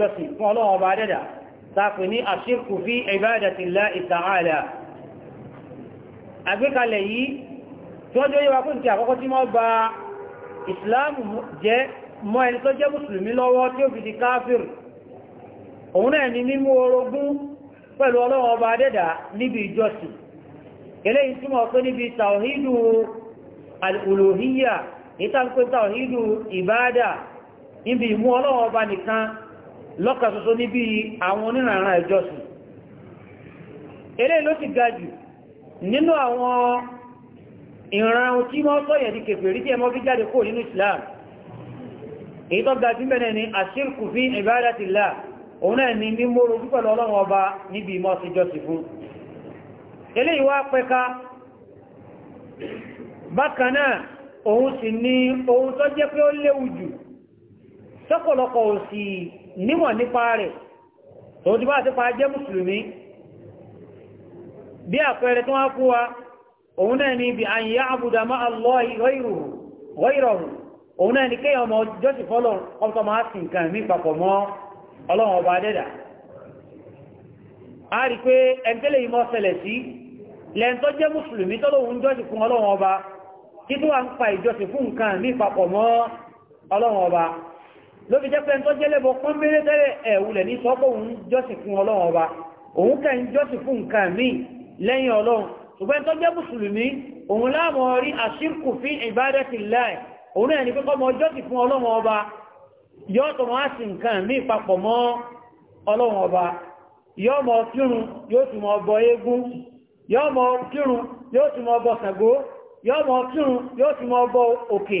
jọsìn fún ọlọ́run ọba dẹ́dà tàpì ní àṣírkù fi ibadatillahi ta'ala àgbékalẹ̀ yìí tí wọ́n jẹ́ yíwa fún ti àkọ́kọ́ tí wọ́n gba ìsìláàmù jẹ́ mọ́ ẹni tó jẹ́ mùsùlùmí lọ́wọ́ tí ó fi di káfíìrì òun náà ni mímú orogún pẹ̀lú ọlọ́run ọba dẹ́dà níbi lọ́kà soso níbi àwọn onírànà ìjọsìn eré ló ti ga jù nínú àwọn ìran tí wọ́n sọ́yẹ̀ di kèfèrí tí ẹmọ́ fi jáde kó nínú Islam èyí tó ga jù mẹ́rin ni àṣírkù fi ibadatillah òun náà ni mímọ́rò púpẹ̀lú ọlọ́run ọba níbi ìmọ́ sí jọsìn fún eléyìí wá pẹ́ka bákan náà òun sì ni ohun nímọ̀ nípa rẹ̀ tó ti bá ti pa jẹ́ mùsùlùmí bí àpẹẹrẹ tó wá fún wa òun náà ni bí an ya'buda ma'a òun náà ni kí ọmọ jọ́sì fọ́lọ̀ ọmọ máa sì nǹkan mí papọ̀ mọ́ ọlọ́run ọba dẹ́dà a rí pé ẹgbẹ́lẹ̀ ìmọ̀ ṣẹlẹ̀ sí lẹ́ntọ́ jẹ́ mùsùlùmí tọ́lọ́run jọ́sì fún ọlọ́run ọba ń pa mọ́ ọlọ́run ló fi jẹ́ pé ń tó jẹ́ lẹ́bọ̀ pọ́n mẹ́rẹ́ tẹ́lẹ̀ ẹ̀wùlẹ̀ ní sọ́pọ̀ òun jọ́sìn fún ọlọ́run ọba òun kẹ́ ń jọ́sìn fún nǹkan míì lẹ́yìn ọlọ́run ṣùgbọ́n tó jẹ́ mùsùlùmí òun láàmọ̀ rí àṣírkù fi ìbádẹ́tì láì òun ẹni pé kọ́mọ jọ́sìn fún ọlọ́run ọba yóò tó máa sì nǹkan míì papọ̀ mọ́ ọlọ́run ọba yóò mọ kírun yóò tún mọ bọ eégún yóò mọ kírun yóò tún mọ bọ ṣàngó yóò mọ kírun yóò tún mọ bọ òkè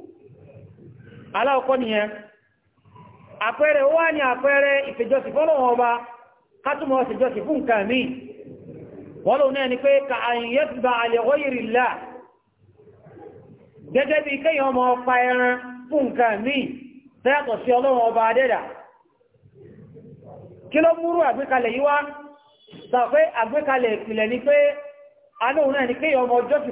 aláwọ̀kọ́ nìyẹn àpẹẹrẹ ó wá ní àpẹẹrẹ ìfẹjọsìn fọ́lọ̀wọ̀n ọba kátùmọ̀ ìfẹjọsìn fún funka wọ́n lòun náà ni pé ka àyíyẹ́ ti bá gẹ́gẹ́ bí kéèyàn ọmọ ọpa ọba yiwa ni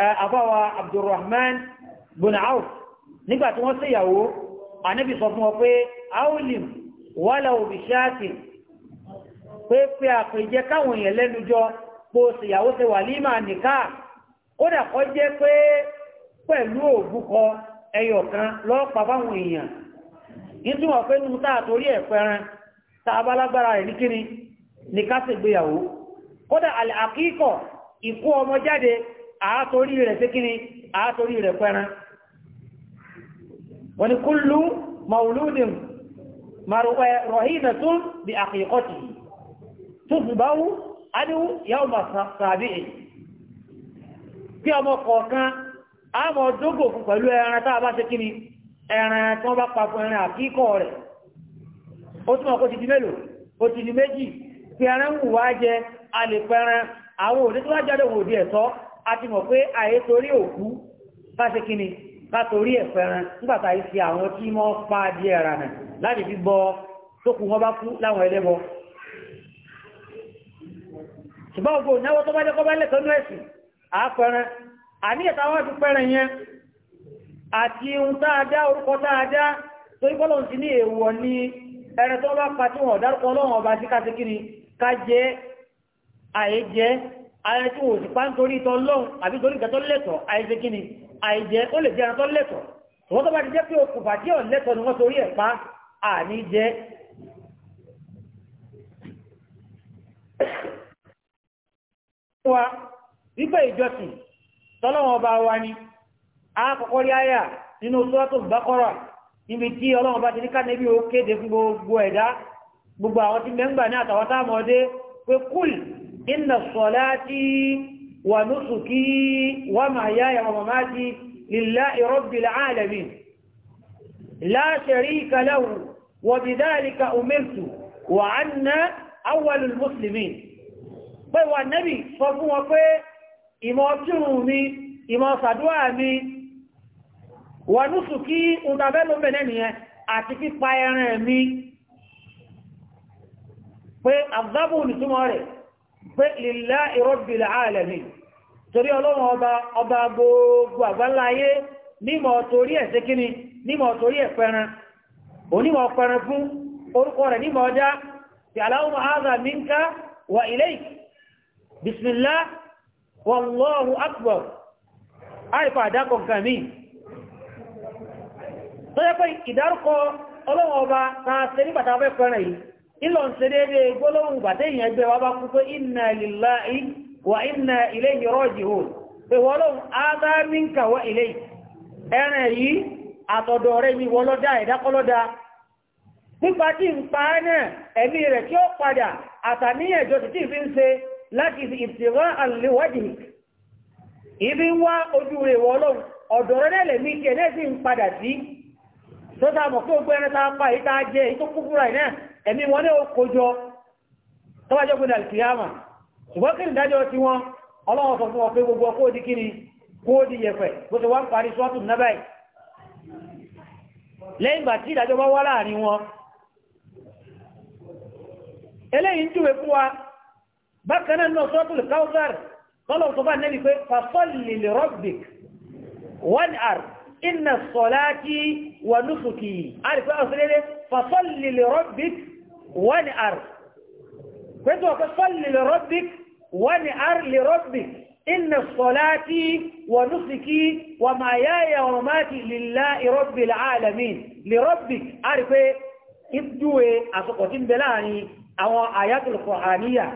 àbáwa abdulrahman bin auf nígbà tí wọ́n síyàwó ànábì sọ fún wọn pé aulim wàlà òbí ṣáàtì pé pé àpèjẹ káwọn èèyàn lẹ́nu jọ pé o síyàwó ṣe wàlímà nìká kódà kọ́ jẹ́ pé pẹ̀lú òbúkọ ẹyọ kan lọ́pàá fáwọn èèyàn nítorí pé nínú táà torí ẹ̀ pẹran tá bá ìkú ọmọ jáde àátorí rẹ̀ sí kíni àátorí rẹ̀ pẹ́ran wọ́n ni kúlù mauludin eh, rahinatun àkíkọ́tì adíwú yàwó ma sàbí ẹ̀ kí ọmọ kọ̀ọ̀kan a mọ̀ dógò fún pẹ̀lú ẹran ẹran bá pa fún ẹran àkíkọ́ rẹ̀ ó túnmọ̀ kó ti di mélòó ó ti di méjì wù wá jẹ àwọn òdí a ti mọ̀ pé àyè torí òkú bá ṣe kí ni bá torí ẹ̀fẹ́ran nígbàtà ìsì àwọn tí mọ́ pa díẹ̀ rà nà láti fi bọ́ tó kù wọ́n bá kú láwọn ẹlẹ́bọ ṣùgbọ́n ògbò náwó tó bá jẹ́ kọ́bá lẹ́tọ́ ní ẹ̀sìn àápẹran àníyàtà wọ́n ti pẹ́rẹ̀ yẹn àti ohun táadá orúkọ táadá tó ń bọ́lọ̀ sí ní èèwọ̀ ní ẹran tó bá pa tí wọ́n dárúkọ ara tí wọ́n sì pa ń torí ìtọ́ lọ́run àbí torí ìgbẹ́tọ́ lẹ́tọ̀ àìjẹ́ kí ni àìjẹ́ ó lè jẹ́ ẹran tó lẹ́tọ̀ wọ́n tó bá ti jẹ́ pé okùnfà tí ọ̀ lẹ́tọ̀ ni wọ́n torí ẹ̀ pa àní jẹ́ wa wípé ìjọsìn tọ́lọ́wọ́n bá wa ni a kọ́kọ́ rí àyà nínú sọ́tò bákọ́rọ̀ níbi tí ọlọ́wọ́n bá ti ní kánẹ́bí ó kéde fún gbogbo ẹ̀dá gbogbo àwọn tí mẹ́ngbà ní àtàwọn táàmọ́dé pé kúlì إن صلاتي ونسكي ومحياي ومماتي لله رب العالمين لا شريك له وبذلك أمرت وعنا أول المسلمين بيوى النبي صفوا وفي إماتيومي إماسدوامي ونسكي أدبلوا منني أتكي طيرامي pé àbúdábò ní túnmọ̀ rẹ̀ pé lillahi rabbil alamin torí ọlọ́run ọba ọba gbogbo àgbáláyé nímọ̀ torí ẹ̀ sí kíni nímọ̀ torí ẹ̀ pẹran onímọ̀ pẹran fún orúkọ rẹ̀ nímọ̀ ọjá ti Allahumma hadha minka wa ilayk bismillah wallahu akbar ìlọ ń ṣe déédéé gbólóhùn bàtẹ́ ìyẹn ẹgbẹ́ wa bá kú pé inna lillahi wa inna ilayhi raji'un pé wọ́lọ́hùn ádá minka wa ilayhi ẹran yìí àtọ̀dọ̀ rẹ̀ mi wọ́lọ́dá ẹ̀dákọ́lọ́dá nípa tí ń pa náà ẹ̀mí rẹ̀ tí ó padà àtàníyànjọ títí fi ń ṣe láti ìtìwá àlèwádìí ibi wá ojú rẹ̀ wọ́lọ́hùn ọ̀dọ̀ rẹ̀ lẹ̀mí kẹ̀ náà sì ń padà sí tó dá mọ̀ pé ogbó ẹran tá a pa èyí tá a jẹ èyí tó kú fúra ẹ̀ náà ẹ̀mí wọn ní oko jọ tó bá jẹ́ gbé nàìjíríàmà ṣùgbọ́n kí nìdájọ́ ti wọn ọlọ́wọ́ sọ fún wọn pé gbogbo ọkọ̀ di yẹ̀fẹ̀ bó ti wá ń parí sọ́ọ̀tù nábàáyì lẹ́yìn ìgbà tí ìdájọ́ bá wá láàrin wọn eléyìí ń júwe fún wa bákan náà náà sọ́ọ̀tù káwùsàr tọ́lọ̀ tó inna sọ̀láti wà núfùkì àrífẹ́ ọ̀sẹ̀lẹ́lẹ́ fàṣọ́lìlẹ̀ rọ́bìk wọ́n ni àr pẹ́tù ọ̀pẹ́ sọ́lìlẹ̀ rọ́bìk wọ́n ni àr lè rọ́bìk inna sọ̀láti wà núfùkì wà máa yáyà wà máa ti lìlá ìrọ́bìl alamin lè rọ́bìk àrífẹ́ bẹ láàrin àwọn àyàtul Qur'aniyya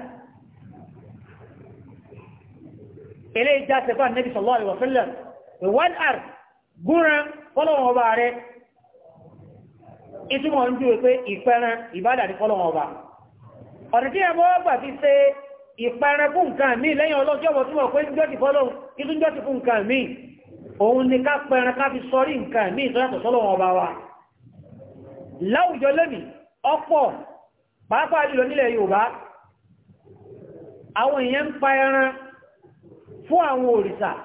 eléyìí já nẹ́bí sallallahu alaihi wa búra fọ́lọ́wọ́n ọba rẹ̀ ìtumọ̀ ń júwe pé ìpẹran ìbádà ní fọ́lọ́wọ́n ọba Ọtụtụ tí ọgbà fi ṣe ìpẹran fún nǹkan mi lẹ́yìn ọlọ́jọ́ ọ̀bọ̀ túnmọ̀ pé jọ́sì nka fún nǹkan mi ni fi ọba wa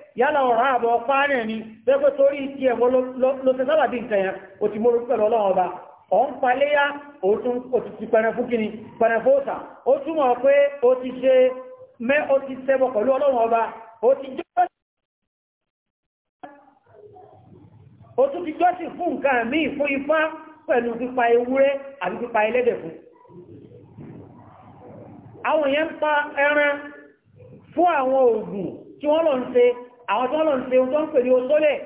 yálà ọ̀rá àbọ̀ pààrẹ̀ ni pẹ́pẹ́ torí ti ẹ̀wọ́ ló tẹ́ sábàbí nǹkan yẹn o ti mọ́rú pẹ̀lú ọlọ́run ọba ọ̀ ń paléyá o ti pẹ̀rẹ̀ fún kíni pẹ̀rẹ̀ fóòsà ó túmọ̀ pé o ti ṣe mẹ́ o ti ṣẹbọ pẹ̀lú ọlọ́run ọba o ti jọ́ o tún ti jọ́sìn fún nǹkan míì fún ifá pẹ̀lú pípa ewúrẹ́ àbí pípa ẹlẹ́dẹ̀ fún àwọn èèyàn ń pa ẹran fún àwọn oògùn tí wọ́n lọ ń ṣe àwọn tó lọ ń pe tó ń pè ní oṣólẹ̀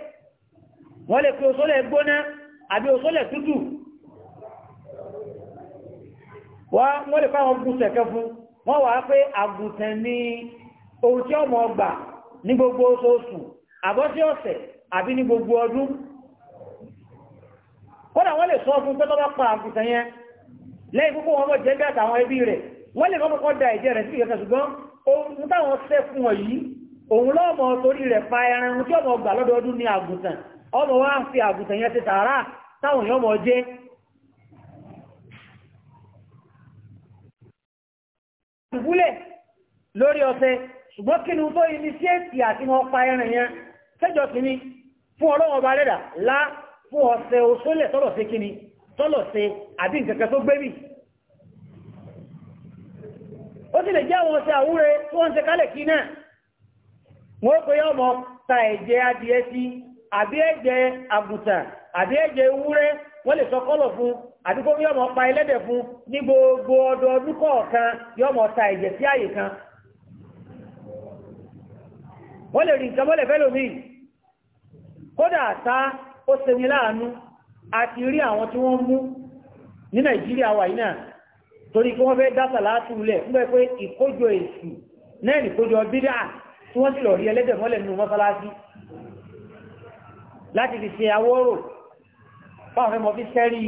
wọ́n lè pe oṣólẹ̀ gbóná àbí oṣólẹ̀ tútù wọ́n lè fáwọn gúnṣẹ̀ kẹ fún wọ́n wà pé àgùntàn ní ohun tí ọmọ ọgbà ní gbogbo oṣooṣù àbọ́sí ọ̀sẹ̀ àbí ní gbogbo ọdún kódà wọ́n lè sọ fún pé tó bá pa àgùntàn yẹn lẹ́yìn púpọ̀ wọn bọ̀ jẹ́ bí àtàwọn ẹbí rẹ̀ wọ́n lè mọ́kọ́ da ẹ̀jẹ̀ rẹ̀ sí ìyẹ́kẹ̀ ṣùgbọ́n ohun táwọn ṣẹ́ fún wọn òun lọ́mọ torí rẹ̀ pa ẹran tí ọmọ gbà ní àgùntàn ọmọ wá fi àgùntàn yẹn ti tààrà táwọn èèyàn mọ̀ jẹ́ ìbúlẹ̀ lórí ọ̀sẹ̀ ṣùgbọ́n kí ni tó ibi sí èsì àti wọn pa ẹran yẹn kìíní fún ọlọ́wọ́ ó sì lè jẹ́ àwọn ọ̀sẹ̀ tí wọ́n ń wọ́n pe ọmọ ta ẹ̀jẹ̀ adìẹ sí àbí ẹ̀jẹ̀ àgùntàn àbí ẹ̀jẹ̀ ewúrẹ́ wọ́n lè sọ kọ́lọ̀ fún àbí kó yọmọ pa ẹlẹ́dẹ̀ fún ní gbogbo ọdọọdún kọ̀ọ̀kan yọmọ ta ẹ̀jẹ̀ sí àyè kan wọ́n lè rí nǹkan mọ́lẹ̀ fẹ́ kódà ta ó ṣeni láàánú àti rí àwọn tí wọn mú ní nàìjíríà wà yìí náà torí kí wọn fẹ́ dá sàlátù lẹ̀ fún pé ìkójọ èṣù náà ìkójọ bídà tí wọ́n sì lọ rí ẹlẹ́dẹ̀ mọ́lẹ̀ nínú mọ́sálásí láti fi ṣe awọ́rò fáwọn fẹ́ mọ́ fi sẹ́rí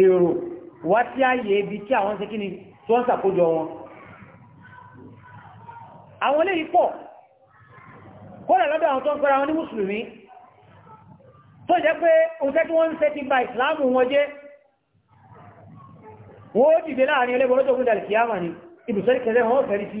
èrò wá tí ààyè ibi tí àwọn ṣe kíni tí wọ́n ṣàkójọ wọn àwọn eléyìí pọ̀ kódà lọ́dọ̀ àwọn tó ń pẹ́ra wọn ní mùsùlùmí tó jẹ́ pé oúnjẹ tí wọ́n ń ṣe ti bà ìsìláàmù wọn jẹ́ wọ́n ó dìde láàrin ẹlẹ́gbọ́n lọ́jọ́ ògùn dàlìkìyàmà ni ibùsọ́lì kẹrẹ wọn fẹ́rí sí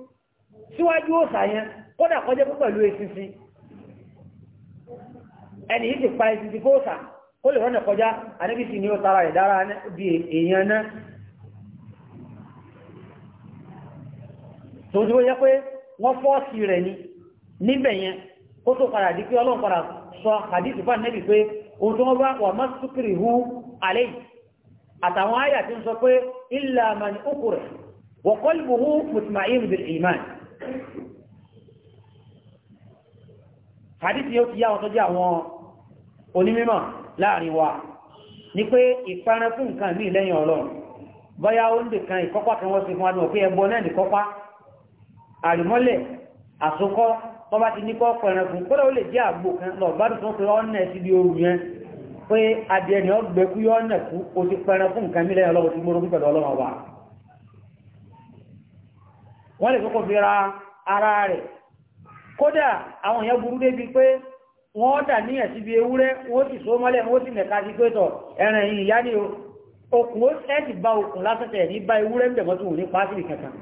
síwájú òsà yẹn kódà kọjẹ́ pẹ̀lú eṣinṣin ẹni yìí ti pa eṣinṣin fóòsà kó lè rọ́nà kọjá àníbìsì ni ó tara rẹ̀ dára bí èèyàn náà tó ti yẹ pé wọ́n fọ́ọ̀sì rẹ̀ ni níbẹ̀ yẹn kó tó padà di pé ọlọ́run padà sọ àdìsí fún pé hadithi yóò ti yá ọ̀tọ́jú àwọn onímímọ̀ láàrin wa ní pé ìparẹ́ fún nǹkan mí lẹ́yìn ọlọ́run bọ́yá ó ń dè kan ìkọ́pá kan wọ́n sí fún adùn pé ẹbọ náà nìkọ́pá àrìmọ́lẹ̀ àsokọ́ tó bá ti níkọ́ pẹ̀rẹ̀ fún kódà ó lè jẹ́ àgbò kan lọ bá dùn pé ọ́nà sí bí oru yẹn pé adìẹ ni ọgbẹ́kú o ti pẹ̀rẹ̀ fún nǹkan mí lẹ́yìn ọlọ́run ti wọ́n lè kọ́kọ́ fi ra ara rẹ̀ kódà àwọn èèyàn burú débi pé wọ́n dà ní ẹ̀sí bí ewúrẹ́ wọ́n sì so mọ́lẹ̀ wọ́n sì mẹ̀ka sí pétọ̀ ẹ̀rìn yìí ìyá ni okùn ó ẹ̀sì bá okùn lásẹ̀tẹ̀ ní bá ewúrẹ́ ń dẹ̀mọ́ tó wù ní pásìlì kankan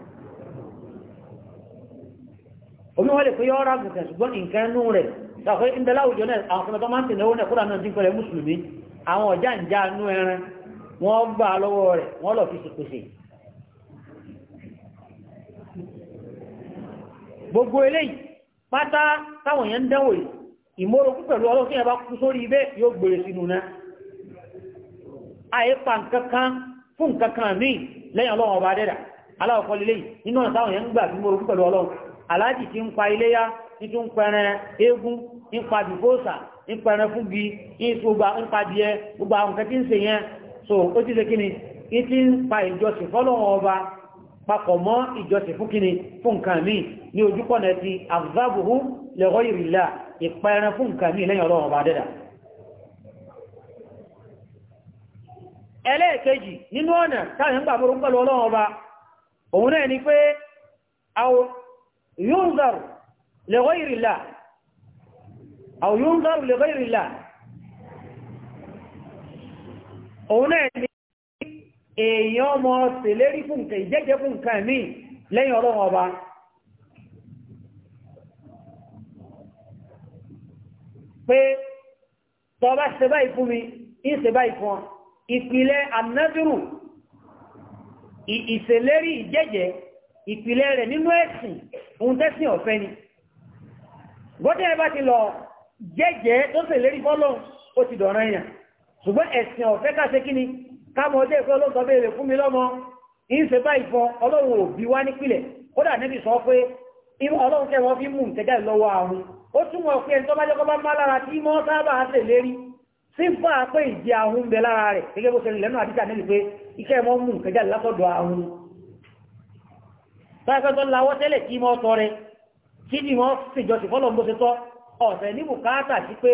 omi wọ́n lè pé yọ́ rágùn kẹ̀ ṣùgbọ́n nǹkan nú rẹ̀ sàfẹ́ ìdẹ́lá òjò náà àwọn ọmọ tó máa ń tẹ̀lé owó náà kúrò náà ti ń pẹ̀lẹ̀ mùsùlùmí àwọn ọjà gbogbo eléyìí pátá táwọn èèyàn ń dánwò yìí ìmórogún pẹ̀lú ọlọ́sí ẹ̀bá kú sórí ibẹ̀ yóò gbèrè sínú náà nkankan fún nkankan míì lẹ́yìn ọlọ́run ọba dẹ́dà nínú ọ̀nà táwọn èèyàn ń gbà fún pẹ̀lú ọlọ́run aláàjì ti ń pa iléyá títún pẹ̀rẹ̀ eégún ń pa bìbóòsà ń pẹ̀rẹ̀ fún bi ń pa díẹ̀ gbogbo àwọn nǹkan ń ṣe yẹn so ó ti ṣe kí ti ń pa ìjọsìn fọ́lọ́run papọ̀ mọ́ ìjọsìn fún kíni fún nǹkan mi ní ojúkọ̀nà ti azabuhu lẹ́rọ ìrìlá ìpẹran fún nǹkan mi lẹ́yìn ọlọ́run bá dẹ́dà ẹlẹ́ẹ̀kejì nínú ọ̀nà táwọn gbà burú pẹ̀lú ọlọ́run ọba òun náà ni pé èèyàn ọmọ ṣèlérí fún nǹkan ìjẹ́jẹ́ fún nǹkan ẹ̀mí lẹ́yìn ọlọ́run ọba pé tọba ṣe báyìí fún mi ń ṣe báyìí fún ọ ìpìlẹ̀ anádùrù ìṣèlérí ìjẹ́jẹ́ ìpìlẹ̀ rẹ̀ nínú ẹ̀sìn ohun tẹ́sìn ọ̀fẹ́ ni gbọ́dẹ̀ bá ti lọ jẹ́jẹ́ tó ṣèlérí fọ́lọ́ ó ti dọ̀rọ̀ èèyàn ṣùgbọ́n ẹ̀sìn ọ̀fẹ́ ká ṣe ni káàmọ̀ ọdẹ ìfẹ́ ọlọ́sọ béèrè fún mi lọ́mọ ìṣe báyìí fọ ọlọ́run ò bí wá nípìnlẹ̀ kódà níbi sọ pé ọlọ́run kẹ́ wọ́n fi mú ìtẹ́jà lọ́wọ́ àrùn ó túnmọ̀ pé ẹni tó bá jẹ́kọ́ bá má lára tí mọ́ sábà ṣe lérí sí fún àpé ìjẹ àrùn bẹ lára rẹ̀ gẹ́gẹ́ bó ṣe lẹ́nu àdíjà níbi pé iṣẹ́ mọ́ mú ìtẹ́jà látọ̀dọ̀ àrùn sáfẹ́ tó lawọ́ tẹ́lẹ̀ tí mọ́ tọrẹ kí ni wọ́n ṣèjọsìn fọ́lọ́ bó ṣe tọ́ ọ̀sẹ̀ ní bùkátà sí pé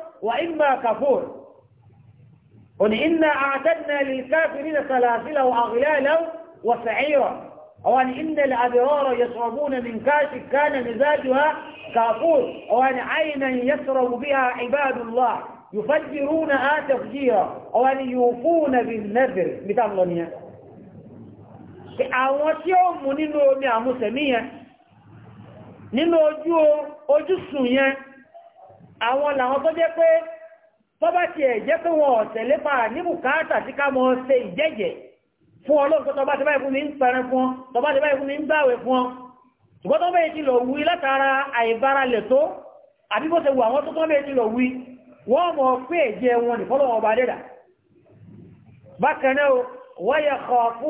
وإما كفور قل إنا أعتدنا للكافرين سلاسل وأغلالا وسعيرا أو أن إن الأبرار يشربون من كاش كان مزاجها كافور أو أن عينا يشرب بها عباد الله يفجرونها آه تفجيرا أو أن يوفون بالنذر مثال الله àwọn tí ó mú nínú omi àmúsẹ̀mí yẹn àwọn làwọn tó jẹ́ pé bọ́bá ti ẹ̀ jẹ́ pé wọn ọ̀tẹ̀ lépa ní bùkátà sí ká mọ́ ṣe ìjẹ́jẹ̀ fún ọlọ́run tó bá ti báyìí fún mi ń pẹran fún ọ tó bá ti báyìí fún mi ń gbàwẹ̀ fún ọ ṣùgbọ́n tó bẹ́ẹ̀ ti lọ wí látara àìbáralẹ̀ tó àbí bó ṣe wù àwọn tó tó bẹ́ẹ̀ ti lọ wí wọ́n mọ̀ pé ẹ̀jẹ̀ wọn ní fọ́lọ́wọ́ ọba dẹ́dà bákan náà wáyà kọ̀ọ̀kú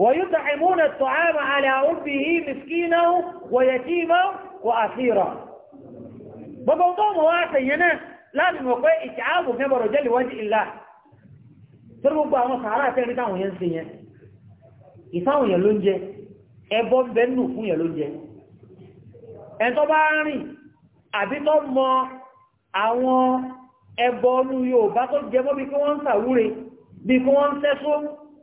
ويطعمون الطعام على عربه مسكينا ويتيما وأسيرا بموضوع مواسينا لازم يقول إتعاب من رجل وجه الله تربوا بها مصارا تاني تاو ينسي ìsáwọn èèyàn ló ń jẹ ẹbọ ń bẹ nù fún èèyàn ló ń jẹ ẹn tó bá rìn àbí tó mọ àwọn ẹbọ ọnú Yorùbá tó jẹ mọ́ bí kí wọ́n ń sàwúre bí kí wọ́n ń sẹ́só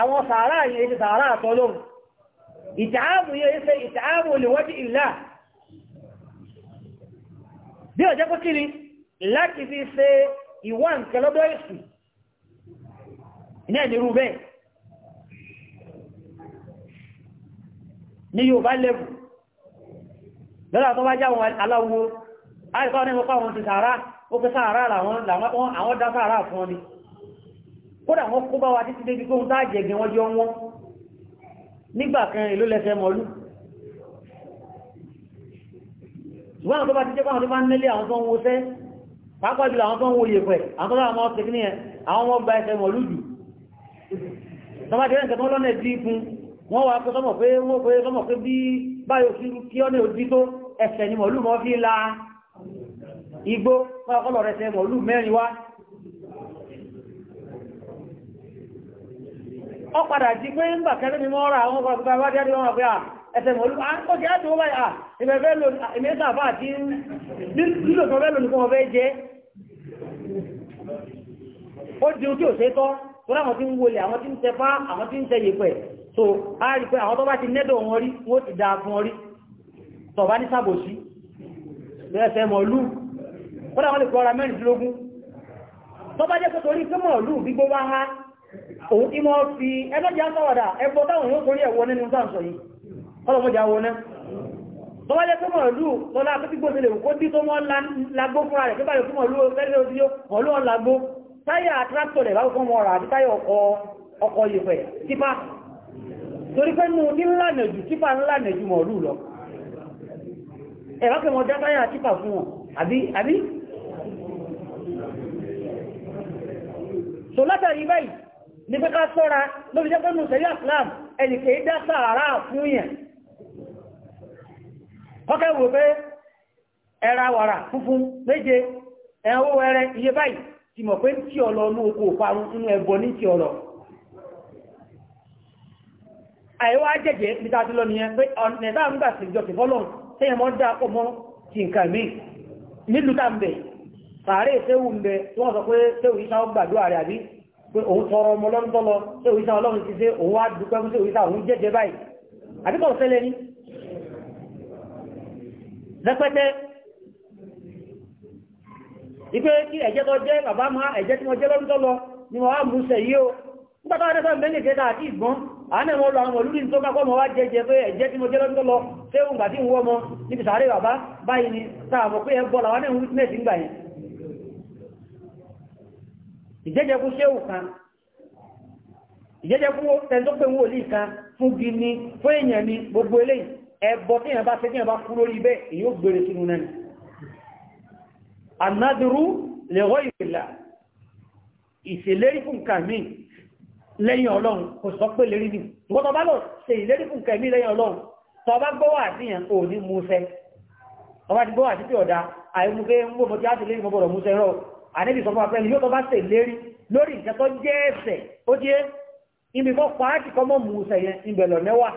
àwọn sàárà yẹn ti sàárà àtọ́lọ́run ìtààmù yẹn ṣe ìtààmù olùwọ́dí ìlà bí ọjọ́ kó kiri láti fi ṣe ìwà nǹkan lọ́dọ̀ èsù náà nírú bẹ́ẹ̀ ní Yorùbá lẹ́bù lọ́la tó bá jáwọn aláwo àìkọ́ ní mọ́pá wọn ti sàárà kódà wọ́n kó bá wa títí débi kóhun tá jẹ́gẹ̀ wọ́n jọ wọ́n nígbà kan èló lẹ́fẹ́ mọ̀lú ṣùgbọ́n tó bá ti jẹ́ pàwọn tó bá ń nílé àwọn tó ń wo sẹ́ pàápàá jùlọ àwọn tó ń wo yèpẹ̀ àwọn tó láwọn ọmọ tẹkíní ẹ̀ àwọn ọmọ gba ẹsẹ̀ mọ̀lú jù tọ́bá ti rẹ̀ nǹkan tó lọ́nà ẹ̀dí ikun wọ́n wá sọmọ̀ pé wọ́n pé sọmọ̀ pé bí báyọ̀ sí kí ọ́nà òdí tó ẹsẹ̀ ni mọ̀lú mọ́ fi ọ padà di pé ńgbà kẹ́lẹ́ mi mọ́ ra àwọn ọkọ̀ ọ̀gbà wájú ẹ̀dí wọn pé à ẹsẹ̀ mọ̀lú ó ti láti wọ́n báyìí à ìbẹ̀ fẹ́ lò èmi ẹ̀sà àfà àti nílò fẹ́ lò nìkan wọn jẹ́ ó di ojú òṣè tọ́ tó láwọn tí ń wọlé àwọn tí ń tẹ fá àwọn tí ń tẹ yèpẹ̀ so a rí pé àwọn tó bá ti nẹ́dọ̀ wọn rí wọ́n ti da fún wọn rí tọ̀ bá ní sàbòsí ẹsẹ̀ mọ̀lú ó láwọn lè kọ́ ra mẹ́rìndínlógún tó bá jẹ́ pé torí pé mọ̀lú gbígbó wá há òun tí mọ́ fi ẹgbẹ́jà sáwàdà ẹgbọ́ táwọn yóò torí ẹ̀wọ́ nínú sáàsọ̀ yìí ọlọ́mọjà wọná tó wájẹ́ tó mọ̀ lú lọ́lá pé gbogbo ilẹ̀ òkó tí tó mọ́ lágbó fúnra rẹ̀ pípàlẹ̀ tó mọ̀ lú ẹgbẹ́ òdí ọlú ọ̀lágbó táyà tractor rẹ̀ báwọn mọ́ rà àti táyà ọkọ̀ yìfẹ̀ tipa torí pé nù ní ńlànà jù tipa ńlànà jù mọ̀ lú lọ ẹ̀rọ pé wọ́n dá táyà tipa fún wọn àbí àbí so látàrí báyìí ní pé ká sọ́ra ló fi jẹ́ pé mùsùlùmí islam ẹnìkèé dá sàárà fún yẹn ọkẹ́ wò pé ẹra wàrà funfun méje ẹ̀wọ́ ẹrẹ iye báyìí ti mọ̀ pé tí ọlọ ní oko òparun inú ẹbọ ní tí ọlọ àìwá jẹ́jẹ́ níta tí lọ nìyẹn pé pé òun tọrọ ọmọ lọ́ntọ́lọ tí òwúsá ọlọ́run ti ṣe òun wá dúpẹ́ fún sí òwúsá òun jẹ́jẹ́ báyìí àbíkọ̀ sẹ́lẹ̀ ní lẹ́pẹ́tẹ́ ipé kí ẹ̀jẹ́ tó jẹ́ bàbá máa ẹ̀jẹ́ tí mo jẹ́ lọ́ntọ́lọ ni mo wá mú sẹ̀ yí o nígbàtà wọ́n dẹ́fẹ́ mẹ́lẹ̀ jẹ́ dáadí ìgbọ́n àánẹ̀ mọ́ lọ àwọn olúrí tó kápọ́ mọ́ wá jẹ́jẹ́ pé ẹ̀jẹ́ tí mo jẹ́ lọ́dún tó lọ tí ó tí ń wọ́ mọ́ níbi sàárè bàbá báyìí ni sáàmù pé ẹ bọ́lá wọ́n ní ìrúnmẹ́sì ń gbà yìí ìjẹ́jẹ́kú ṣéwù kan ìjẹ́jẹ́kú ẹ̀ntọ́pẹ̀ wò lè kan fún bí ní fún èèyàn ní gbogbo eléyìí ẹbọ tí èèyàn bá fẹ́ tí èèyàn bá kú lórí ibẹ̀ èyí ó gbèrè sínú náà anádúrú lẹ́wọ́ ìrìnlá ìṣèlérí fún kàmí lẹ́yìn ọlọ́run kò sọ pé lérí ní ìwọ́n tọba lọ ṣe ìlérí fún kàmí lẹ́yìn ọlọ́run tọba gbọ́wà àdíyàn ò ní mú fẹ́ ọba ti gbọ́wà àti pé ọ̀dá àìmúfẹ́ ń gbọ́mọ tí á ti àníbi sọ fún apẹ́ni yóò tó bá ṣe lérí lórí nǹkan tó jẹ́ ẹ̀ṣẹ̀ ó jẹ́ ibi kọ́ pàákì kọ́ mọ́ mú ṣẹ̀ yẹn ìbẹ̀lọ̀ mẹ́wà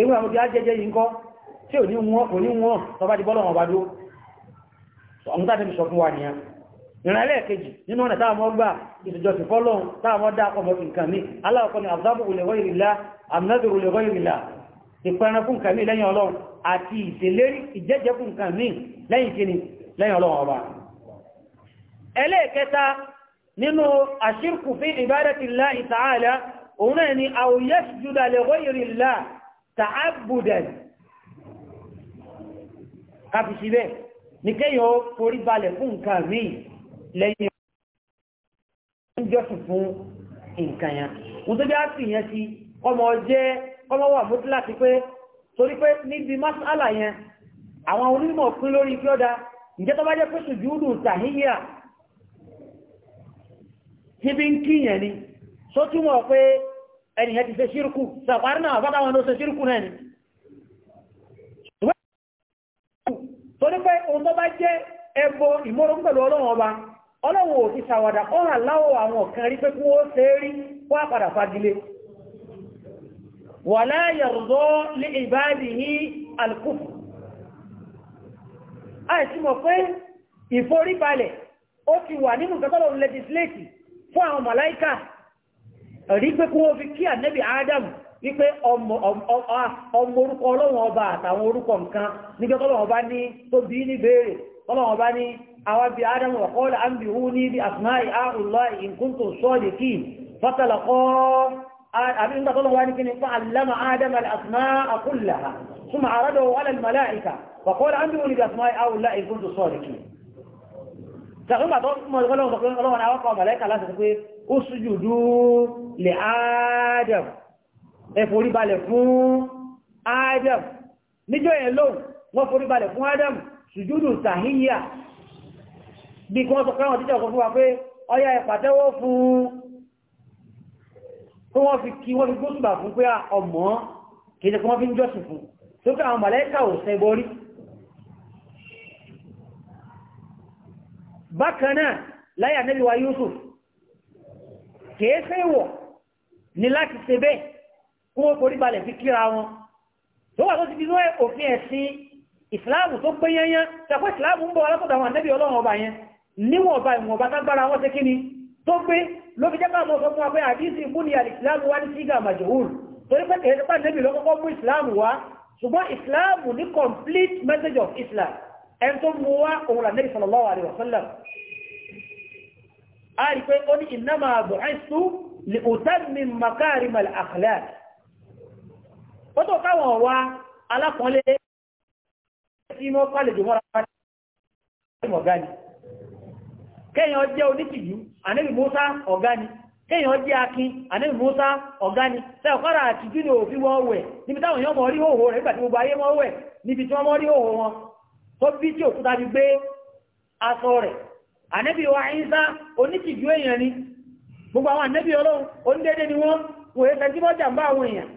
ewu àwọn ojú ajẹ́jẹ́ yìí ń kọ́ tí ò ní wọn kò ní wọn tó bá di bọ́lọ̀ wọn bá dúró ọ̀hún tá tẹ́bi sọ fún wa nìyẹn ìrànlẹ́ kejì nínú ọ̀nà táwọn ọmọ gbà ìtìjọsìn fọ́lọ́ táwọn dá ọmọ nǹkan mi aláwọ̀kọ́ ni àbúdábù olèwọ́ ìrìlá àmúnádùrù olèwọ́ ìrìlá ìpẹran fún nǹkan mi lẹ́yìn ọlọ́run ọba ẹlẹ́ẹ̀kẹta nínú àṣírkù fi ibadatillahi òun náà ni aw yasjuda li ghayrillah ta'abbudan káfíṣí bẹ́ẹ̀ ní kéyàn forí balẹ̀ fún nǹkan rí lẹ́yìn ìjọsìn fún nǹkan yẹn tó bí á sì yẹn sí ọmọ jẹ́ ọmọ wà mú láti pé torí pé níbi masala yẹn àwọn onímọ̀ lórí tàhíyà ibi ń kíyàn ni só túnmọ̀ pé ẹniyàn ti ṣe ṣírkù sàparí náà fọ́dá wọn ló ṣe ṣírkù náà ni tó ní pé ohun tó bá jẹ́ ẹbọ ìmọ́rún pẹ̀lú ọlọ́run ọba ọlọ́run ò ti ṣàwàdà ọ̀hàn láwọ̀ àwọn kan rí pé kí wọ́n ṣe ó ti wà nínú ìtọ́tọ́lọ̀ legislate fún àwọn màláíkà rí pé kí wọ́n fi kí ànẹ́bì Ádámù wípé ọmọ orúkọ ọlọ́run ọba àtàwọn orúkọ nǹkan nígbẹ́ tọ́lọ́run ọba ní tó bí ní béèrè tọ́lọ́run ọba ní àwọn bí Ádámù ọ̀kọ́lá àmbìhú ní bí asmáì àrùlọ́ ìkúntò sọ́ọ̀lì kí fọ́tàlọ́kọ́ ثم عرضه على الملائكة وقال أنبئوني بأسماء هؤلاء إن كنتم صادقين sàkóńgbà tó mọ̀ ọlọ́run sọ pé ọlọ́run ni awọ́kọ̀ mọ̀lẹ́kà láti sọ pé ó sújù dú lè Adam ẹ forí balẹ̀ fún Adam níjọ́ yẹn lóhùn wọ́n forí balẹ̀ fún Adam sùjúdù tàhíyà bí kí wọ́n sọ pé àwọn títẹ̀ ọkọ̀ fún wa pé ọya ẹ pàtẹ́wọ́ fún kí wọ́n fi kí wọ́n fi gbóṣùbà fún pé bákanáà láyà Ànábì wa Yusuf kìí fẹ́ wọ̀ ní láti ṣe bẹ́ẹ̀ kó wọ́n forí balẹ̀ fi kíra wọn tó wà tó ti fi ló òfin ẹ̀sìn ìsìláàmù tó pé yẹnyẹ tẹ̀kọ́ ìsìláàmù ń bọ̀ alákọ̀dà àwọn Ànábì ọlọ́run ọba yẹn níwọ̀nba ìwọ̀nba tágbára wọn ṣe kí ni tó pé ló fi jẹ́ká mọ́ sọ fún wa pé àdísì mú ní alìsìláàmù wá ní sígà màjòhùn torí pé kìí sẹ́pà Ànábì ló kọ́kọ́ mú ìsìláàmù wá ṣùgbọ́n complete message of Islam ẹni tó mú wá òun lànà sallallahu alaihi wasallam a rí pé ó ní innama bu'ithtu li utammim makarimal akhlaq ó tó káwọn wá alákọ̀ọ́lé tí wọ́n pàlejò mọ́ra ọ̀gá ni kéèyàn jẹ́ onítìjú ànábì Mùsá ọ̀gá ni kéèyàn jẹ́ akin ànábì Mùsá ọ̀gá ni tẹ́ọ̀kọ́rà àtijú ni òfin wọ́n wẹ̀ níbi táwọn èèyàn mọ́ rí òhò rẹ̀ tó bí tí gbe fi gbé aṣọ rẹ̀ ànẹ́bí wa Ìsá onítìjú èèyàn ni gbogbo àwọn ànẹ́bí ọlọ́run ni wọ́n wọ́n èé tẹ́jú bọ́jà ń bá àwọn èèyàn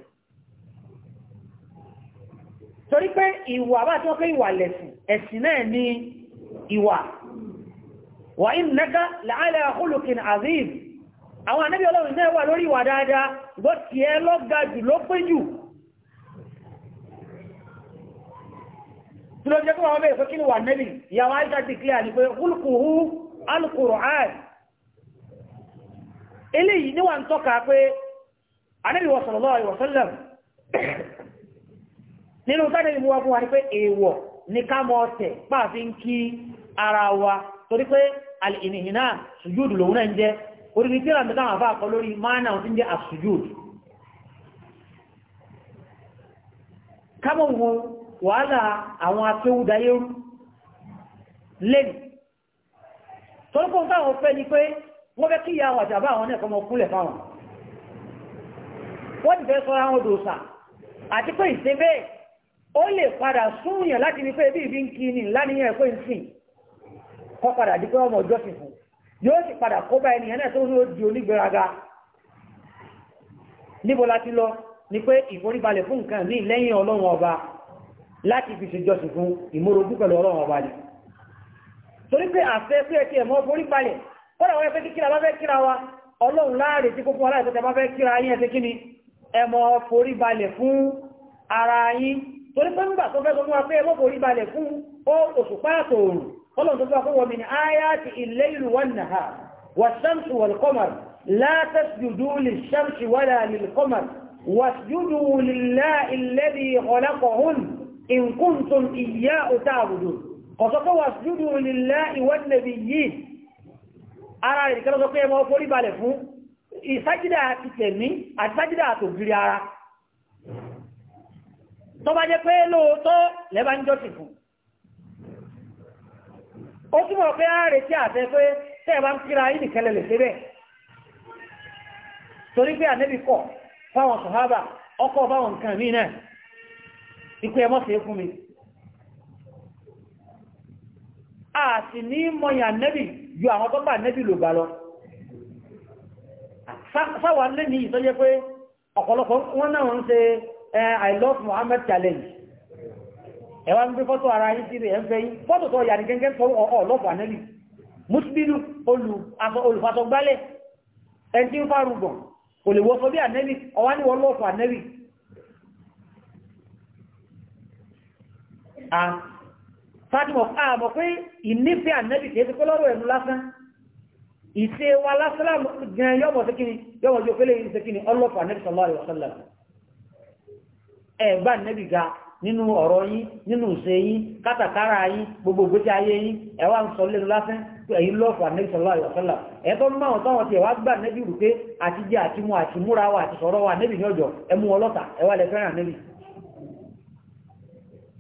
torí pé ìwà bá tí wọ́n pé ìwà lẹ̀sìn ẹ̀sìn náà ni ìwà wà láàrẹ àwọn ànẹ́bí ọlọ́run náà wà lórí ìwà dáadáa gbọ́ lọ́gàjù ló tí ló jẹ́ kí wọ́n bẹ̀rẹ̀ sókè wà nẹ́bì ìyàwó àìsà ti kílẹ̀ ní pé hulkuhu al-Qur'an eléyìí níwà pé anẹ́bì wọ sallallahu alaihi wasallam nínú sáré ìlú wa fún wa ní pé èèwọ̀ ní ká mọ ọ̀tẹ̀ pààfin kí ara wa torí pé al-inhina lòun náà ń wàhálà àwọn akéwúdayérú lẹ́nu tó ń kóhun táwọn fẹ́ ni pé wọ́n fẹ́ kí ìyá àwọn àjàbá àwọn ẹ̀kọ́ mọ kúnlẹ̀ fáwọn wọ́n ti fẹ́ sọ́ra wọn dòòsà àti pé ìṣe bẹ́ẹ̀ ó lè padà súnyàn láti ní pé ibi ń kí ni láníyàn ẹ̀kọ́ ìsìn kọ́ padà ni pé ìforíbalẹ̀ fún nǹkan ní lẹ́yìn ọlọ́run láti fi ṣèjọsìn fún ìmúrojú pẹ̀lú ọlọ́run ọba ni torí pé àfẹ́ pé ẹtì ẹ̀mọ́ forí balẹ̀ kọ́dà wọ́n fẹ́ kí kíra bá fẹ́ kíra wa ọlọ́run láàrẹ̀ tí kókó aláìsọ́ tẹ bá fẹ́ kíra yín ẹ̀sẹ̀ kí la tasjudu lish-shamsi wala lil-qamar wasjudu lillahi alladhi khalaqahun in kuntum iyyahu ta'budun ọ̀sọ́kọ́ wasjudu lillahi wan nabiyyin ara rẹ̀ kẹ́lọ́ sọ pé ẹmọ forí balẹ̀ fún ìsájídà ti tẹ̀mí àti sájídà àtògiri ara tó bá jẹ́ pé lóòótọ́ lẹ́bà ń jọ́sìn fún ó túnmọ̀ pé ààrẹ tí àtẹ́ pé tẹ́ẹ̀bá ń kíra yìí nìkẹ́lẹ̀ lè ṣe bẹ́ẹ̀ torí pé ànẹ́bì kọ̀ fáwọn sọ̀hábà ọkọ̀ báwọn nǹkan mí náà ikú ẹmọ́ sí fún mi a sì ní mọ̀yàn nẹ́bì ju àwọn tó bá nẹ́bì lò gbà lọ sáwà lè ní ìtọ́jẹ́ pé ọ̀pọ̀lọpọ̀ wọ́n náà ń ṣe I love Muhammad challenge ẹwà ń gbé fọ́tò ara yìí sí rẹ̀ ń fẹ́ yìí fọ́tò tó yàrí gẹ́gẹ́ fọ́ ọ̀lọ́pọ̀ ànẹ́bì mùsùlùmí olùfàtọ̀gbálẹ̀ ẹni tí ń fárúgbọ̀n kò lè wọ́sọ bí ànẹ́bì ọwá ní wọ́n lọ́pọ̀ ànẹ́bì A, fatimọ̀ a pé ìnífẹ́ ànẹ́bì kìí ti kó lọ́rọ̀ ẹ̀nu lásán ise wa lásán gan yọmọ sí kíni yọmọ yóò fẹ́lẹ̀ ìṣe kíni ọlọ́pàá ànẹ́bì sallallahu alaihi wasallam ẹ̀gbá ànẹ́bì ga ninu oro yín ninu ìṣe yín katakara yín gbogbo gbèsè ayé yín ẹ nso lenu sọ lẹ́nu lásán ẹ̀yin lọ́ọ̀fù Ànábì sallallahu alaihi wasallam ẹ̀tọ́ ti ẹ̀wà gbà nẹ́bí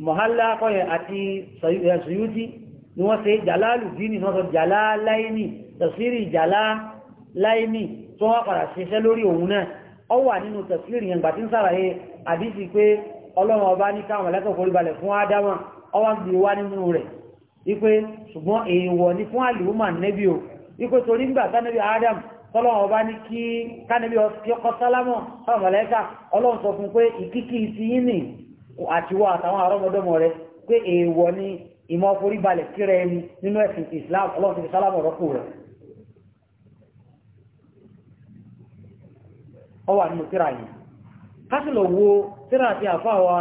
mọ̀hálà akọ́yẹ àti sọ̀yúdí ni wọ́n ṣe jàlálù dínì wọ́n sọ jàlá láìní tafsiri jàlá láìní tó wọ́n padà ṣiṣẹ́ lórí òun náà ọ wà nínú tafsiri yẹn gbàtí ń sàlàyé àdísì pé ọlọ́run ọba ní káwọn ẹlẹ́kọ̀ọ́ foríbalẹ̀ fún ádámà ọ wá gbé wá nínú rẹ̀ wípé ṣùgbọ́n èèwọ̀ ni fún àlìhùmà nẹ́bí o wípé torí nígbà tánẹ́bí ádámù tọ́lọ́wọ́ ọba ní kí kánẹ́bí ọkọ̀ sálámọ̀ sáwọn ọlọ́run sọ fún pé ìkíkí ti yín nìyí àtiwọ́ àtàwọn àrọ́mọdọ́mọ rẹ pé èèwọ̀ ni ìmọ̀ forí balẹ̀ kíra ẹni nínú ẹ̀sìn Islam ọlọ́run ti fi sálámù rọ́pò rẹ̀ ọ wà nínú tíra yìí kásìlọ̀ wo tíra àti àfáwà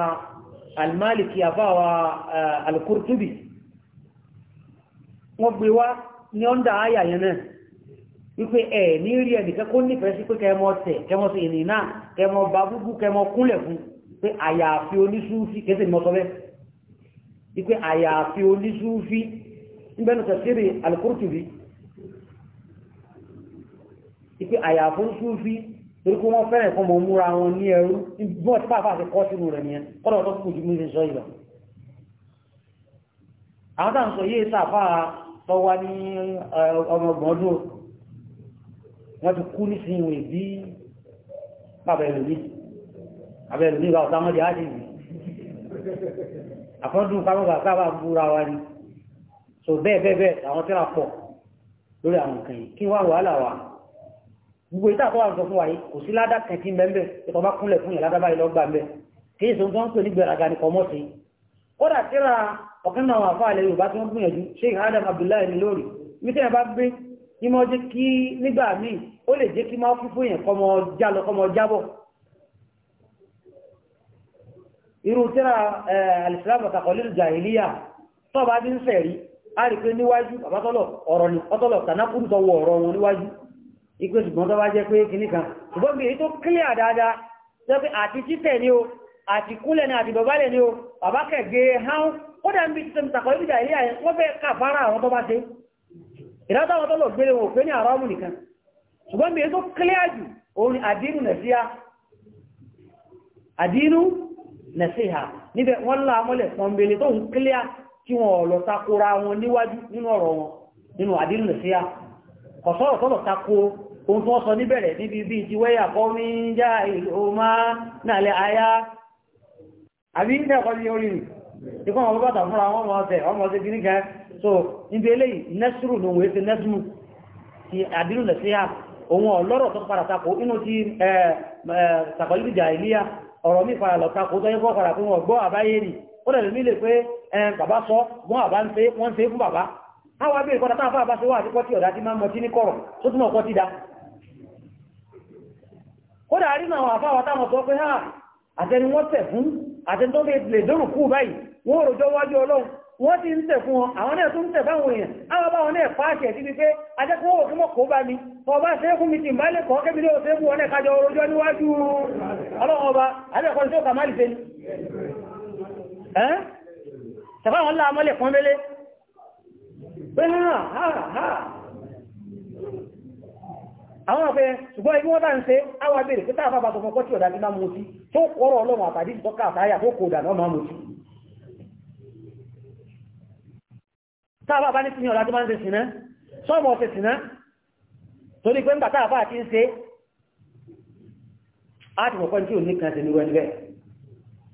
almaliki àfáwà eh, alkurtubi wọ́n gbé wá ní ọ́ndà ayà yẹn náà wípé ẹ̀ ní rí ẹnìkan pé àyàfi onísúúfí kéte mọ́sọ́lẹ́ ipé àyàfi onísúúfí níbẹ̀nù tafsiri al-Qurtubi ipé àyàfi onísúúfí torí kí wọ́n fẹ́rẹ̀ fún mọ̀ múra wọn ní ẹrú bọ́ọ̀ tí pàápàá ti kọ́ sínú rẹ̀ nìyẹn kọ́dọ̀ tó kù jù mí ṣe sọ ìlọ àwọn táà ń sọ yéé sàfà tó wá ní ọmọ ọgbọ̀n ọdún wọ́n ti kú nísìnyí bí bàbá ẹ̀rọ yìí abẹ́rù nígbà ọ̀támọ́dé ájìdì àfọ́dún kámọ́gbà sábà búra wa ni so bẹ́ẹ̀ bẹ́ẹ̀ bẹ́ẹ̀ àwọn tẹ́ra pọ̀ lórí àwọn nǹkan yìí kí wá wàhálà wa gbogbo ìta tó wà ń sọ fún wa yìí kò sí ládà kan tí ń bẹ́ ń bẹ́ ìtọ́ bá kúnlẹ̀ fún yẹn ládà báyìí lọ́gbà ń bẹ́ kí èso tó ń pè ní gbẹ̀ràga ni kọ́mọ́ sí kódà tẹ́ra ọ̀kan náà wà fún àlẹ́ Yorùbá tí wọ́n gbìyànjú Sheikh Adam Abdullahi ni lórí wíṣẹ́ yẹn bá gbé irú tíra alìsílámù àtàkọ́lé jàhìlíyà tó bá bí ń sẹ̀rí a rí pé níwájú àbátọ́lọ̀ ọ̀rọ̀ ni ọtọ́lọ̀ tànákùrù sọ wọ ọ̀rọ̀ wọn níwájú ipé ṣùgbọ́n tó bá jẹ́ pé kìíní kan ṣùgbọ́n bí èyí tó kílíà dáadáa jẹ́ pé àti títẹ̀ ni o àti kúnlẹ̀ ni àti bọ̀bálẹ̀ ni e àdínú nẹ̀síhà níbẹ̀ wọ́n là mọ́lẹ̀ pọ̀nbẹ̀lẹ̀ tó ń kílíà kí wọ́n lọ takora wọn níwájú nínú ọ̀rọ̀ wọn nínú àdínú nẹ̀síhà kọ̀sọ́rọ̀ tọ́lọ̀ tako ohun tó sọ níbẹ̀rẹ̀ níbi bí ti wẹ́yà kọ́ ní já tó padà tako inú ti ìlíyà ọ̀rọ̀ mi fara lọ tó yẹ kó fara fún wọn gbọ́ àbáyé ó dẹ̀ lómi lè pé ẹn bàbá sọ gbọ́n àbá ń ṣe wọ́n ń fún bàbá àwọn abẹ́rẹ́ kọ́ta táwọn fáwọn bá ṣe wà àti pọ́tì ọ̀dá tí máa ń ní kọ̀rọ̀ tó túnmọ̀ pọ́tì da ó dà rí àwọn táwọn sọ pé àtẹni wọ́n tẹ̀ fún àtẹni tó lè dọ́rùn kú báyìí wọ́n rojọ́ wájú ọlọ́run wọ́n ti ń tẹ̀ fún ọ, àwọn náà tún tẹ̀ fáwọn èèyàn àwọn bá wọn náà pàṣẹ ti wípé ajẹ́kùn owó kí mọ́ kó bá ní ọba ṣẹ́kùn mi ti ń bá lè kọ́ kébí lóò ṣẹ́kùn wọn ẹ̀kájọ orojọ́ níwájú ọlọ́run ọba ajẹ́kùn tó kàmá lè ṣe ni pé ha ha ha àwọn na bá ń ṣe àwọn bá sọ fún ti sáàbà bá ní sí ní ọ̀lá tó bá ń ṣe sínà sọ́ọ̀mù ọ̀sẹ̀ sínà torí pé ń bàtà àbá àti ń ṣe áti mọ̀kọ́ tí ò ní kan sí ní wẹ́n bẹ́ẹ̀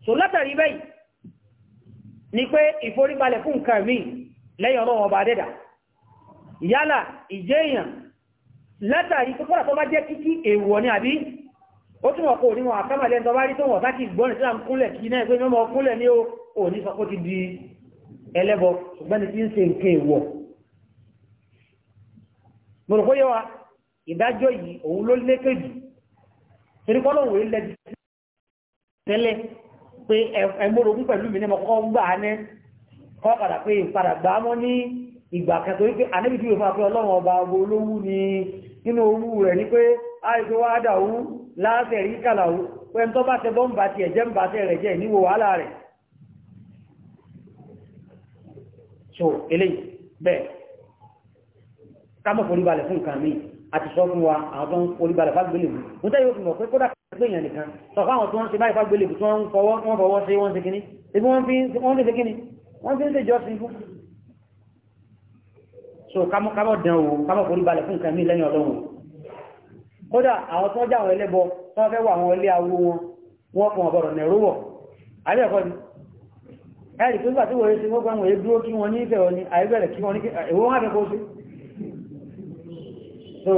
so látàrí bẹ́ẹ̀ ni pé ìforíbalẹ̀ fún nǹkan míì lẹ́yìn ọlọ́run ọba adẹ́dà yálà ìjẹ́ èèyàn látàrí tó kọ́ra tó bá jẹ́ kíkí èèwọ̀ ni àbí ó túnmọ̀ kó ní wọn àkámàlẹ́ ń tọ́ bá rí tó wọ̀n sákì gbọ́nì tí a ń kúnlẹ̀ kí náà pé mọ́mọ́ kúnlẹ̀ ní ó ní sọ pé ti di ẹlẹ́bọ ṣùgbọ́n tí ń ṣe nǹkan ìwọ̀ mọ̀rọ̀kọ́ yẹ wa ìdájọ́ yìí òun ló lékè jù torí kọ́ lóun ilẹ̀ tẹ́lẹ̀ pé ẹmọ́rogún pẹ̀lú mi ní ọkọ̀ gbà á ní kọ́ padà pé ìpadà gbà á mọ́ ní ìgbà kan torí pé àníbi tí yóò fún apẹ́ ọlọ́run ọba olówú ni nínú orú rẹ̀ ni pé àìsí wa dàwú láàṣẹ rí kàlàwú pé ń tọ́ bá tẹ bọ́ǹbà tiẹ̀ jẹ́ ń bá tẹ rẹ̀ jẹ́ ìníwò wàhálà rẹ̀ so eléyìí bẹ́ẹ̀ kámọ̀ foríbalẹ̀ fún nǹkan mi àti sọ fún wa àwọn tó ń foríbalẹ̀ fágbélébù mo tẹ́ yóò fi mọ̀ pé kódà gbèyàn nìkan sọ fún àwọn tó ń ṣe báyìí fágbélébù tí wọ́n fọwọ́ sí wọ́n ṣe kíní ebi wọ́n fi ń ṣe kíní wọ́n fi ń ṣe jọ́sìn fún so kámọ̀ kámọ̀ dán o kámọ̀ foríbalẹ̀ fún nǹkan mi lẹ́yìn ọlọ́run kódà àwọn tó ń jà àwọn ẹlẹ́bọ tó ń fẹ́ wà àwọn ilé awo wọn wọ́n fún ọ̀bọ̀rọ̀ nẹ̀rú wọ̀ alẹ́ ẹ̀kọ́ ni ẹ̀rì tó gbà tí wọ́n ṣe wọ́n gbàmù èdúró kí wọ́n ní ìfẹ́ ọ̀ní àìbẹ̀rẹ̀ kí wọ́n ní ìwọ́n wà fẹ́ kó sí so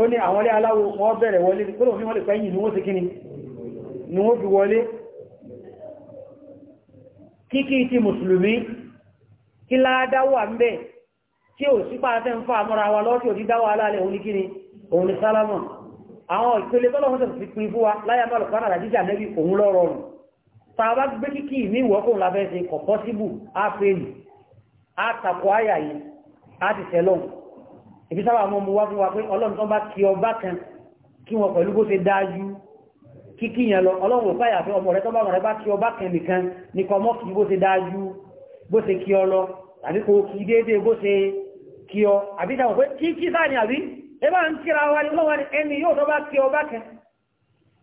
ó ní àwọn ilé aláwọ̀ wọ́n bẹ̀rẹ̀ wọlé kúrò ní wọ́n lè pẹ́yìn ni wọ́n ti kíni ni wọ́n fi wọlé kíkí ti mùsùlùmí kí ládáwà ń bẹ̀ tí ò sí pàtẹ́ ń fa àmọ́ra wa lọ́tí òdí dáwà alálẹ̀ òní kíni òun ni sálámọ̀ àwọn ìpele tọ́lọ́wọ́n tẹ̀sí pin fún wa láyàmọ́ tàbá gbé kíkì ní ìwọ́kùn lábẹ́ ṣe kọ̀ pọ́síbù á fèlì á takọ̀ yìí á tẹ̀lọ́n ìbí sábà mọ́ mú wá fún wa pé ọlọ́run tó bá kí ọba kan kí wọn pẹ̀lú bó ṣe dájú kíkì yẹn lọ ọlọ́run òpá ìyàfẹ́ ọmọ rẹ tó bá rẹ bá kí ọba kan nìkan ní kọ mọ́ kí bó ṣe dájú bó ṣe kí ọ lọ àbí kò kí déédéé bó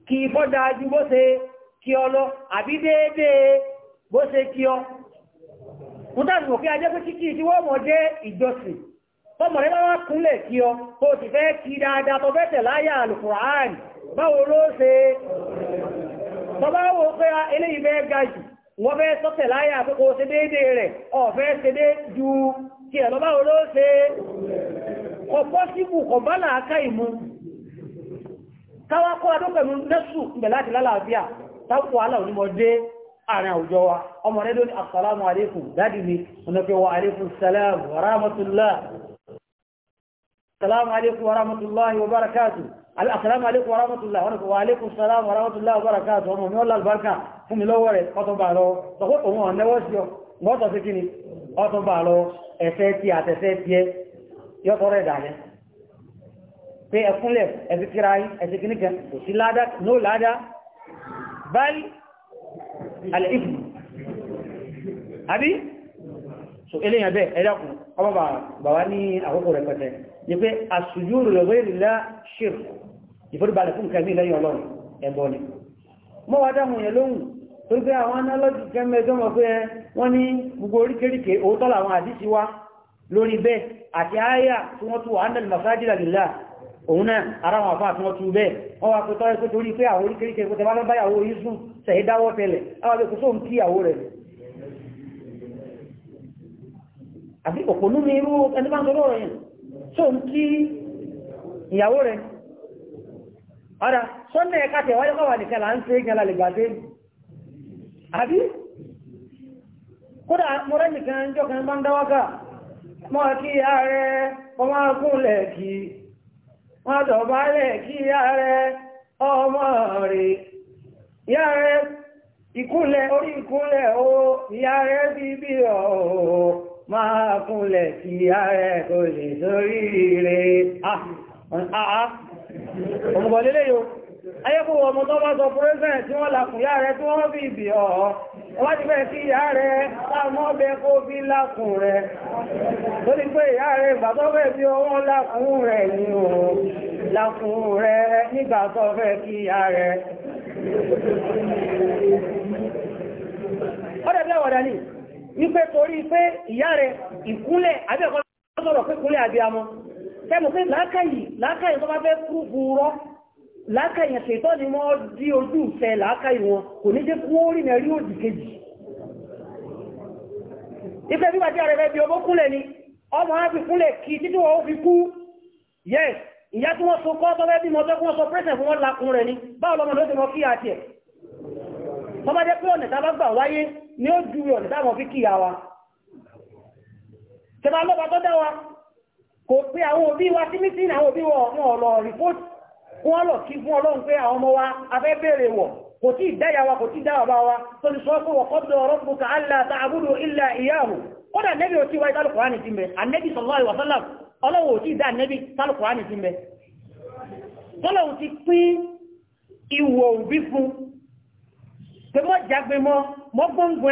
kí ìfọ́ dájú bó ṣe kí ọ lọ àbí déédéé bó ṣe kí ọ mú tàbí mọ̀ kí ajẹ́ pé kíkí tí wọ́n mọ̀ jẹ́ ìjọsìn tọ́mọ̀ rẹ̀ bá kúnlẹ̀ kí ọ ti fẹ́ kí dáadáa tó fẹ́ tẹ̀láyà alùkùrán báwo ló ṣe tọ́bá wo pé eléyìí fẹ́ ga jù wọ́n fẹ́ sọ́tẹ̀ láyà pé kò ṣe déédéé rẹ̀ ṣe dé ju kí ẹ̀ lọ báwo ló ṣe kò kò bá làákà ìmú nẹ́sù láti lálàáfíà táwọn wàhálà onímọ̀ dé àárín àwùjọ wa ọmọ rẹ̀ lónìí assalamu alaikum dádì mi ọ̀nàfẹ́ wa alaikum salam wa rahmatullah assalamu alaikum wa rahmatullahi wa barakatuh assalamu alaikum wa rahmatullahi ọ̀nàfẹ́ wa alaikum salam wa rahmatullahi wa barakatuh ọmọ mi ọlá albarka fún mi lọ́wọ́ rẹ̀ ọtọ́ bá lọ sọ̀kọ́ òun ọ̀nẹ́wọ́ sí ọ mọ́tọ̀ sí kíni ọtọ́ bá lọ ẹ̀fẹ́ tí àtẹ̀fẹ́ tí ẹ yọ́tọ̀ rẹ̀ ẹkúnlẹ̀ ẹ̀fẹ́ kíra kò sí ládá no ládá bal al-ifm àbí so eléyàn bẹ́ ẹ̀dàkùn ọmọ bàbá ní يبي السجود pẹ̀tẹ̀ ni pé as-sujudu li ghayrillah shirk ìforíbalẹ̀ fún kẹmí lẹ́yìn ọlọ́run ẹ̀bọ́ ni mọ́ wá dáhùn yẹn lóhùn tó gbé àwọn analogy kẹ́mẹ́jọ́ mọ̀ pé wọ́n ní gbogbo oríkèríkè òótọ́ làwọn àdíṣí wá lórí bẹ́ẹ̀ àti àyà tí wọ́n tún wà ánàlì masajida lillah òun náà ara wọn àfáà tí wọ́n tú bẹ́ẹ̀ wọ́n wá pẹ́ tọ́rẹ́ pé torí pé àwọn oríkèríkè kò tẹ́bá lọ́bá ìyàwó yìí sùn sẹ̀yí dáwọ́ tẹ́lẹ̀ àwọn akẹ́kọ̀ọ́ sóhun kí ìyàwó rẹ̀ àbí kòkò nú mi irú ẹni bá ń sọ lọ́rọ̀ yẹn sóhun kí ìyàwó rẹ̀ ọ̀dà sọ́nà ẹ̀ka tẹ̀ wáyé kọ́wà nìkan là ń ṣe é gẹ́la lè gbàgbé àbí kódà mọ́rẹ́ nìkan jọ́ kan bá ń dáwọ́ kà mọ́ kí ààrẹ ọmọ akúnlẹ̀ kìí wọ́n dọ̀bálẹ̀ kí yára ọmọ rẹ̀ yára ìkúnlẹ̀ orí ìkúnlẹ̀ o yára bíbí ọ̀ọ̀ máa kúnlẹ̀ kí yára kò lè sórí rẹ̀ ah, ah, ah. ọmọbọ̀lélẹ́yò ayẹ́kọ̀ọ́ ọmọ tó bá sọ yára tí wájú bẹ́ẹ̀ sí ìyá rẹ̀ láàmọ́ bẹ kó bí lákùn rẹ̀ tó ní pé ìyá rẹ̀ ìgbàtọ́ bí ọwọ́ lákùn rẹ̀ ní òun lákùn rẹ̀ nígbàtọ́ sí ìyá rẹ̀ ní wípé torí pé ìyá lákàyàn ṣètọ́ ni wọ́n dí ojú ìfẹ́ lákàí wọn kò ní jẹ́ kún orí mẹ́rí òdì kejì ìfẹ́ bí bàjẹ́ rẹ̀ bí ọmọ kúnlẹ̀ ni ọmọ á fi kúnlẹ̀ kí títí wọ́n fi kú yes ìyá tí wọ́n so kọ́ tọ́fẹ́ bí mọ́tọ́ kún ọsọ ni báwo lọmọ ló ti mọ kí àti ẹ̀ tọ́bá jẹ́ pé ọ̀nà tábá gbà wáyé ni ó ju ọ̀nà táwọn fi kíyà wa tẹ́bá lọ́ba tó dá wọ́n lọ kí fún ọlọ́run pé àwọn ọmọ wa afẹ́ bèèrè wọ̀ kò tí ìdáyà wa kò tí ìdáwà bá wa tó ní sọ fún ọkọ̀ dọ̀ ọ̀rọ̀ bùkà allá tààbùdù ilẹ̀ ìyáhù kódà nẹ́bí ò tí wáyé tálùkùránì ti mẹ́ anẹ́bí sallallahu alaihi wasallam ọlọ́run ò tí ìdá nẹ́bí tálùkùránì ti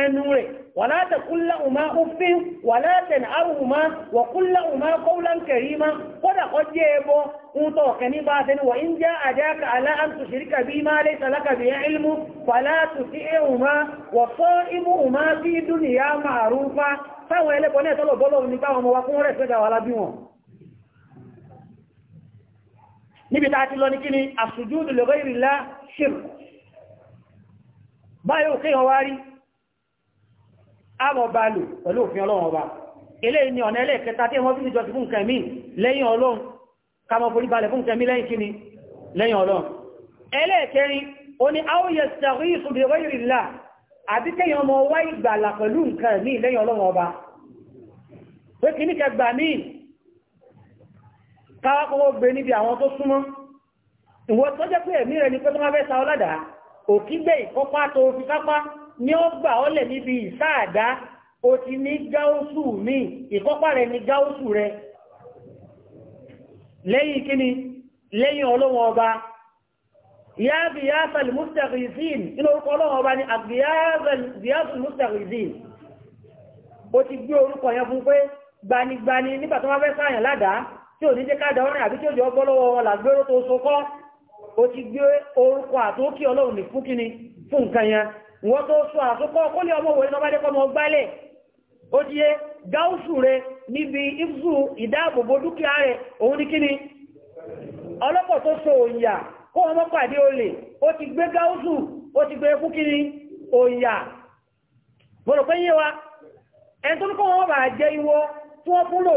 mẹ́ ولا تقل لهما اف ولا تنهرهما وقل لهما قولا كريما قد قد يبو انتو كني وان جاء جاك على ان تشرك بما ليس لك به علم فلا تطيعهما وصائبهما في دنيا معروفه فهو يلي بني تلو بولو ني باو واكون رسدا ولا بيون níbi tá a ti lọ ní kí ni àṣùjúdù lọ́gọ́ ìrìnlá àmọ́ bá lò pẹ̀lú òfin ọlọ́run ọba eléyìí ni ọ̀nà ẹlẹ́ẹ̀kẹta tí wọ́n fi ní jọsí fún nǹkan mí lẹ́yìn ọlọ́run ká má forí balẹ̀ fún nǹkan mí lẹ́yìn kíni lẹ́yìn ọlọ́run ẹlẹ́ẹ̀kẹrin ó ní a ó yẹ sẹ̀rí ìṣubí wáyé ìlà àbí kéèyàn ọmọ wá ìgbàlà pẹ̀lú nǹkan mí tó jẹ́ pé ẹ̀mí rẹ̀ ni pé tó má fẹ́ sa ọlọ́dà òkígbé ìkọ́pá tó fi kápá ni ó gbà ọ́ lẹ̀ níbi ìsáàdá o ti ní gáúsù mi ìkọ́pá rẹ̀ ni gáúsù rẹ̀ lẹ́yìn kíni lẹ́yìn ọlọ́wọ́ ọba ya biyasal mustaghizin inú orúkọ ọlọ́wọ́ ọba ni biyasal mustaghizin o ti gbé orúkọ yẹn fún pé gbanigbani nígbà tó wá fẹ́ sáàyàn ládàá tí ò ní jẹ́ káàdà ọ̀rìn àbí tí ó jọ bọ́ lọ́wọ́ wọn làgbéró tó so kọ́ o wọ́n tó sọ àsopọ̀ kó lè ọmọ wòye lọ́bàdé kọ́ mọ́ gbálẹ̀ ó ti yé gáúsù rẹ níbi ibùsù ìdáàbòbò dúkìá rẹ òun ní kíni ọlọ́pọ̀ tó so òyà kó ọmọ pàdé olè ó ti gbé gáúsù ó ti gbé fún kíni òyà pé ẹni tó wọn iwọ tí wọ́n fúnlò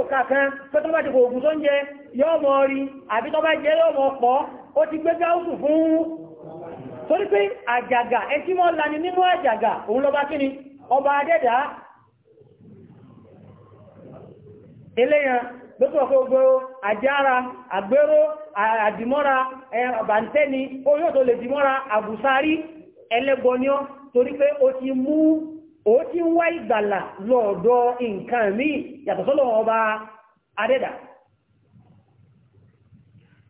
pé tó bá ti kò ògùn tó ń jẹ ti gbé gáúsù fún torí pé àjàgà ẹtí mọ́ lani nínú àjàgà òun lọba kí ni ọba adẹ́dà eléyàn lókùnrin ọkọ̀ ogbó àjára àgbérò àdìmọ́ra àbàntẹ́ni oyó tó lè dìmọ́ra àbùsárí ẹlẹ́gbọ́niọ́ torí pé ó ti mú ó ti ń wá ìgbàlà lọ́ọ̀dọ̀ nǹkan míì yàtọ̀ sọ́lọ̀ ọba adẹ́dà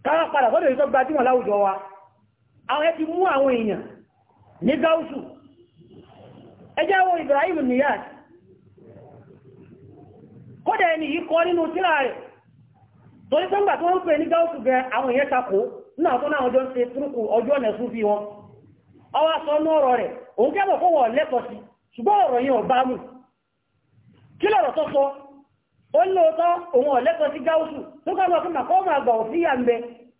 káwà padà sọ́dọ̀ ìtọ́gbà tí wọ́n láwùjọ wa àwọn ẹti mú àwọn èèyàn ní gáúsù ẹjẹ́ wo Ibrahim Niyas kódẹ̀ ẹni yìí kọ́ nínú tíra rẹ̀ torí pé ńgbà tó ń pè ní gáúsù gẹ àwọn èèyàn takò náà tó náà ọjọ́ ṣe túrùkù ọjọ́ ọ̀nà fi wọn ọwá sọ ọ̀rọ̀ rẹ̀ òun kẹ́bọ̀ kó sí ṣùgbọ́n ọ̀rọ̀ yìí mú kí tó sọ ó lóòótọ́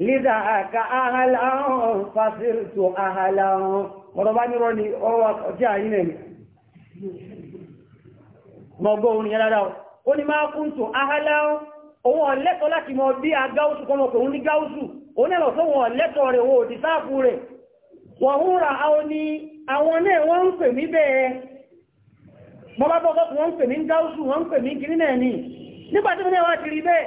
لذاك أهلا فصرت أهلا ọ̀rọ̀bání rọ́ ni ọwọ́ ọjọ́ àyínẹ̀ mi mọ̀gbọ́ òun yẹn dáadáa ó ní máa kún tó ahálá òun ọ̀lẹ́tọ̀ láti mọ̀ bí a gáúsù kọmọ pé òun ní gáúsù òun ẹ̀rọ tó wọn ọ̀lẹ́tọ̀ rẹ̀ wọ́n ti sáàfù rẹ̀ wọ́n ń ra àwọn ní àwọn náà wọ́n ń pè mí bẹ́ẹ̀ mọ́ bá bọ́ wọ́n ń pè mí gáúsù wọ́n ń pè mí kiri náà ni nígbà tí wọ́n ti rí bẹ́ẹ̀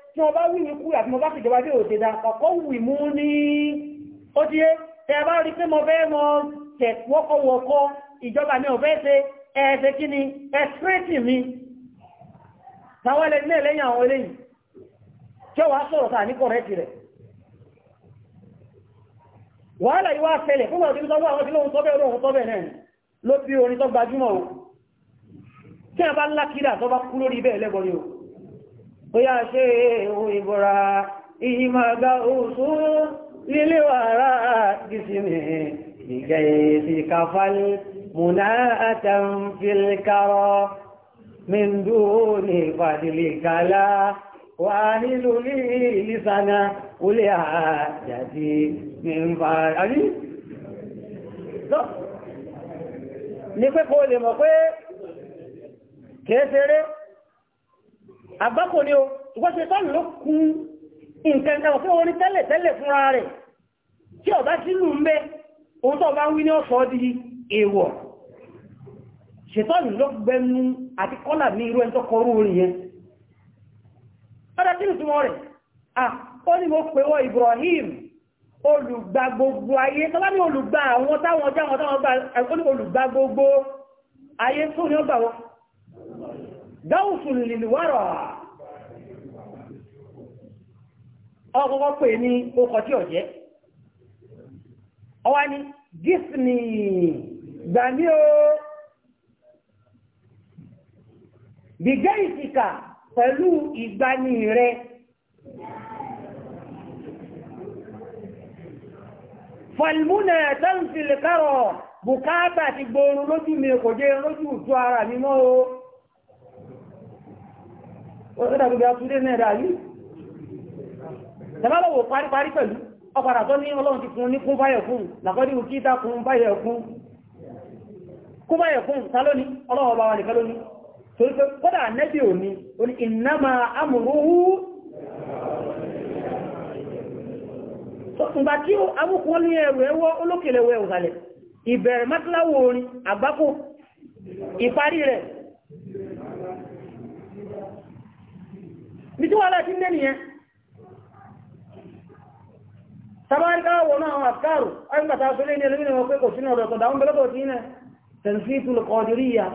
tí wọ́n bá wí ní kúrò àti mo bá fìjọba tí ò tẹ́dá kọ̀kọ́ wì mú ní ó díé tẹ bá rí pé mo fẹ́ mọ tẹ̀ wọ́kọ̀wọ́kọ́ ìjọba ní ọ̀fẹ́ ṣe ẹ̀ẹ́sẹ̀ kí ni ẹ̀sírẹ́tì mi láwọn ẹlẹ́ ní ẹlẹ́yìn àwọn eléyìn tí ó wá sọ̀rọ̀ sáà ní kọ̀rẹ́tì rẹ̀ wàhálà yìí wá ṣẹlẹ̀ fún ọdún tó wọ́n tí lóhun tọ́bẹ̀ olóhun tọ́bẹ̀ náà ló bí orin tó gbajúmọ̀ o tí a bá lákìlà tó bá kú lórí bẹ́ẹ̀ lẹ́bọ̀ ni o bóyá ṣe ewu ìbúra iyì máa ga oṣù lílé wàrà gísìmì ìgẹ̀ èsì kàfàl múná àtàǹfìlkárọ̀ mìndú ní fàdìlì kàlá wàhílù ní ìlísànà olè àjàdì ní fàdìlì ní pé kó mọ̀ pé kèéṣeré àgbákò ni o ṣùgbọ́n ṣe tán ló kú nǹkan kan fún orí tẹ́lẹ̀ tẹ́lẹ̀ fúnra rẹ̀ tí ọ̀bá sínú ń bẹ́ ohun tó bá ń wí ní ọ̀sọ̀ di èèwọ̀ ṣètọ́nù ló gbẹnu àti kọ́là ní irú ẹni tó kọrú orin yẹn ọdá tí ìtumọ̀ rẹ̀ ó ní mo pè wọ Ibrahim olùgbà gbogbo ayé tọ́lá ní olùgbà àwọn táwọn ọjọ́ àwọn táwọn olùgbà gbogbo ayé tó ní ọgbà wọn dáúsùn lìlúwárọ̀ ọkọ̀kọ́ pè ní okọ̀ tí ọ̀jẹ́ ọwá ní gísìnì gbà ní o gbígbé ìsìkà pẹ̀lú ìgbani rẹ fọlmúnà tẹ́ǹtì lè kárọ̀ bùkátà ti gbòòrò lójú mi kò jẹ́ lójú ìtú ara mi o. ọ̀dàgbogbo àtúndé náà yìí tẹ́lọ́wọ́ pẹ̀lú ọpàdà tó ní ọlọ́run ti fún ní kún báyẹ̀ fún làkọ́dí òkí ìta kún báyẹ̀ fún kún báyẹ̀ fún tálóní ọlọ́wọ́ bá wà nìkan lóní torí pé nẹ́bí òní amúrúhú ní tí wọ́n láti ní ẹniyẹn tabarika wọn àwọn àkàrù ayyukata sọlé ní ẹlẹ́mìnà wọn pé kò sínú ọ̀dọ̀ tọ̀dá oúnjẹ lọ́tọ̀ tí ní tẹ̀síkù kọdìríyà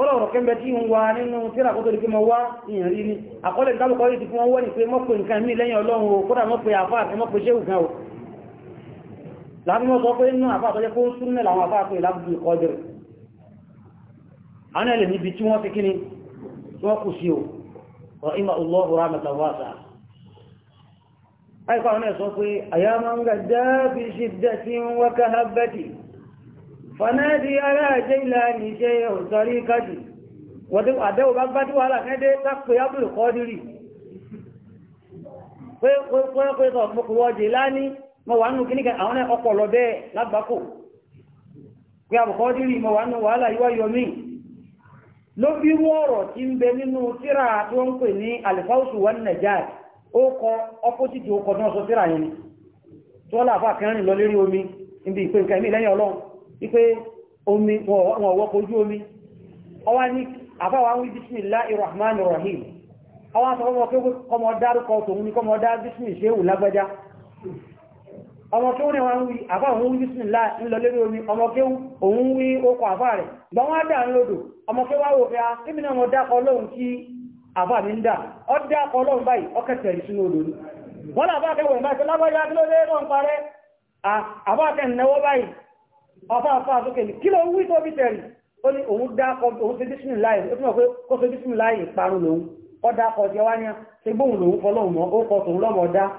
ọlọ́rọ̀ kẹ́mbẹ̀ tí ń wa nínú tíra kó tó dìkí mọ wá ìyàn rí ní àkọọ́lẹ̀ ìdábùkọ́ yìí ti fún wọ́n ní pé mọ́pẹ̀ nǹkan mí lẹ́yìn ọlọ́run o kódà mọ́pẹ̀ àfáà àti mọ́pẹ̀ ṣéhù kan o láàrín mọ́ sọ pé inú àfáà tọ́jẹ́ kó ń sún nílà àwọn àfáà pé lábùkù kọjọ àwọn ẹlẹ́mìí bí tí wọ́n ti kíni wọ́n kù sí o rọ̀ímà olóòrùn rámẹ̀tà wáṣà àìkọ́ àwọn ẹ̀sọ́ pé àyàmọ́ ń gàdá fi ṣídẹ̀ tí ń wákà hábẹ́tì fanáàdì aláàjẹ́ ìlànà iṣẹ́ òtàrí kájì àdẹ́wò bá bá tí wà láàkẹ́dẹ́ tápẹ́ ábùlù kọ́dírì pé pẹ́ẹ̀pẹ́ẹ̀tọ̀ mọ́kùnwọ́jẹ̀ láni mọ́ wà nù kíníkà àwọn ọpọlọ bẹ́ẹ̀ lágbàkò pé àbùkọ́dírì mọ́ wà nù wàhálà yíwá yọmí ló fi rú ọ̀rọ̀ tí ń bẹ nínú tíra tí wọ́n ń pè ní alifáwùsù wọn nàìjáì ó kọ ọpọ́tìtì ó kọ náà sọ tíra yẹn tí wọ́n láàfà kẹrin lọ lérí omi ibi ìpè nǹkan lẹ́yìn omi wọn ọ̀wọ́ kojú omi ọwá ní àfáwà rahim ọmọ kéwú ní wọn wí àbá òun wí sílá ńlọ lórí omi ọmọ kéwú òun wí okò àbá rẹ̀ gbọ́n wọ́n dà ń lòdò ọmọ kéwú àwọn òfin akébì náà wọ́n dákọ̀ ọlọ́run kí àbá mi ń dà ọ́ dákọ̀ ọlọ́run báyìí ọkẹ̀tẹ̀ rí sínú odò ní wọ́n làbá akẹ́wọ̀ ìbá ṣe lábọ́yá kí ló dé náà ń parẹ́ àbá akẹ́ ìnáwó báyìí ọfá afá àtókè ní kí ló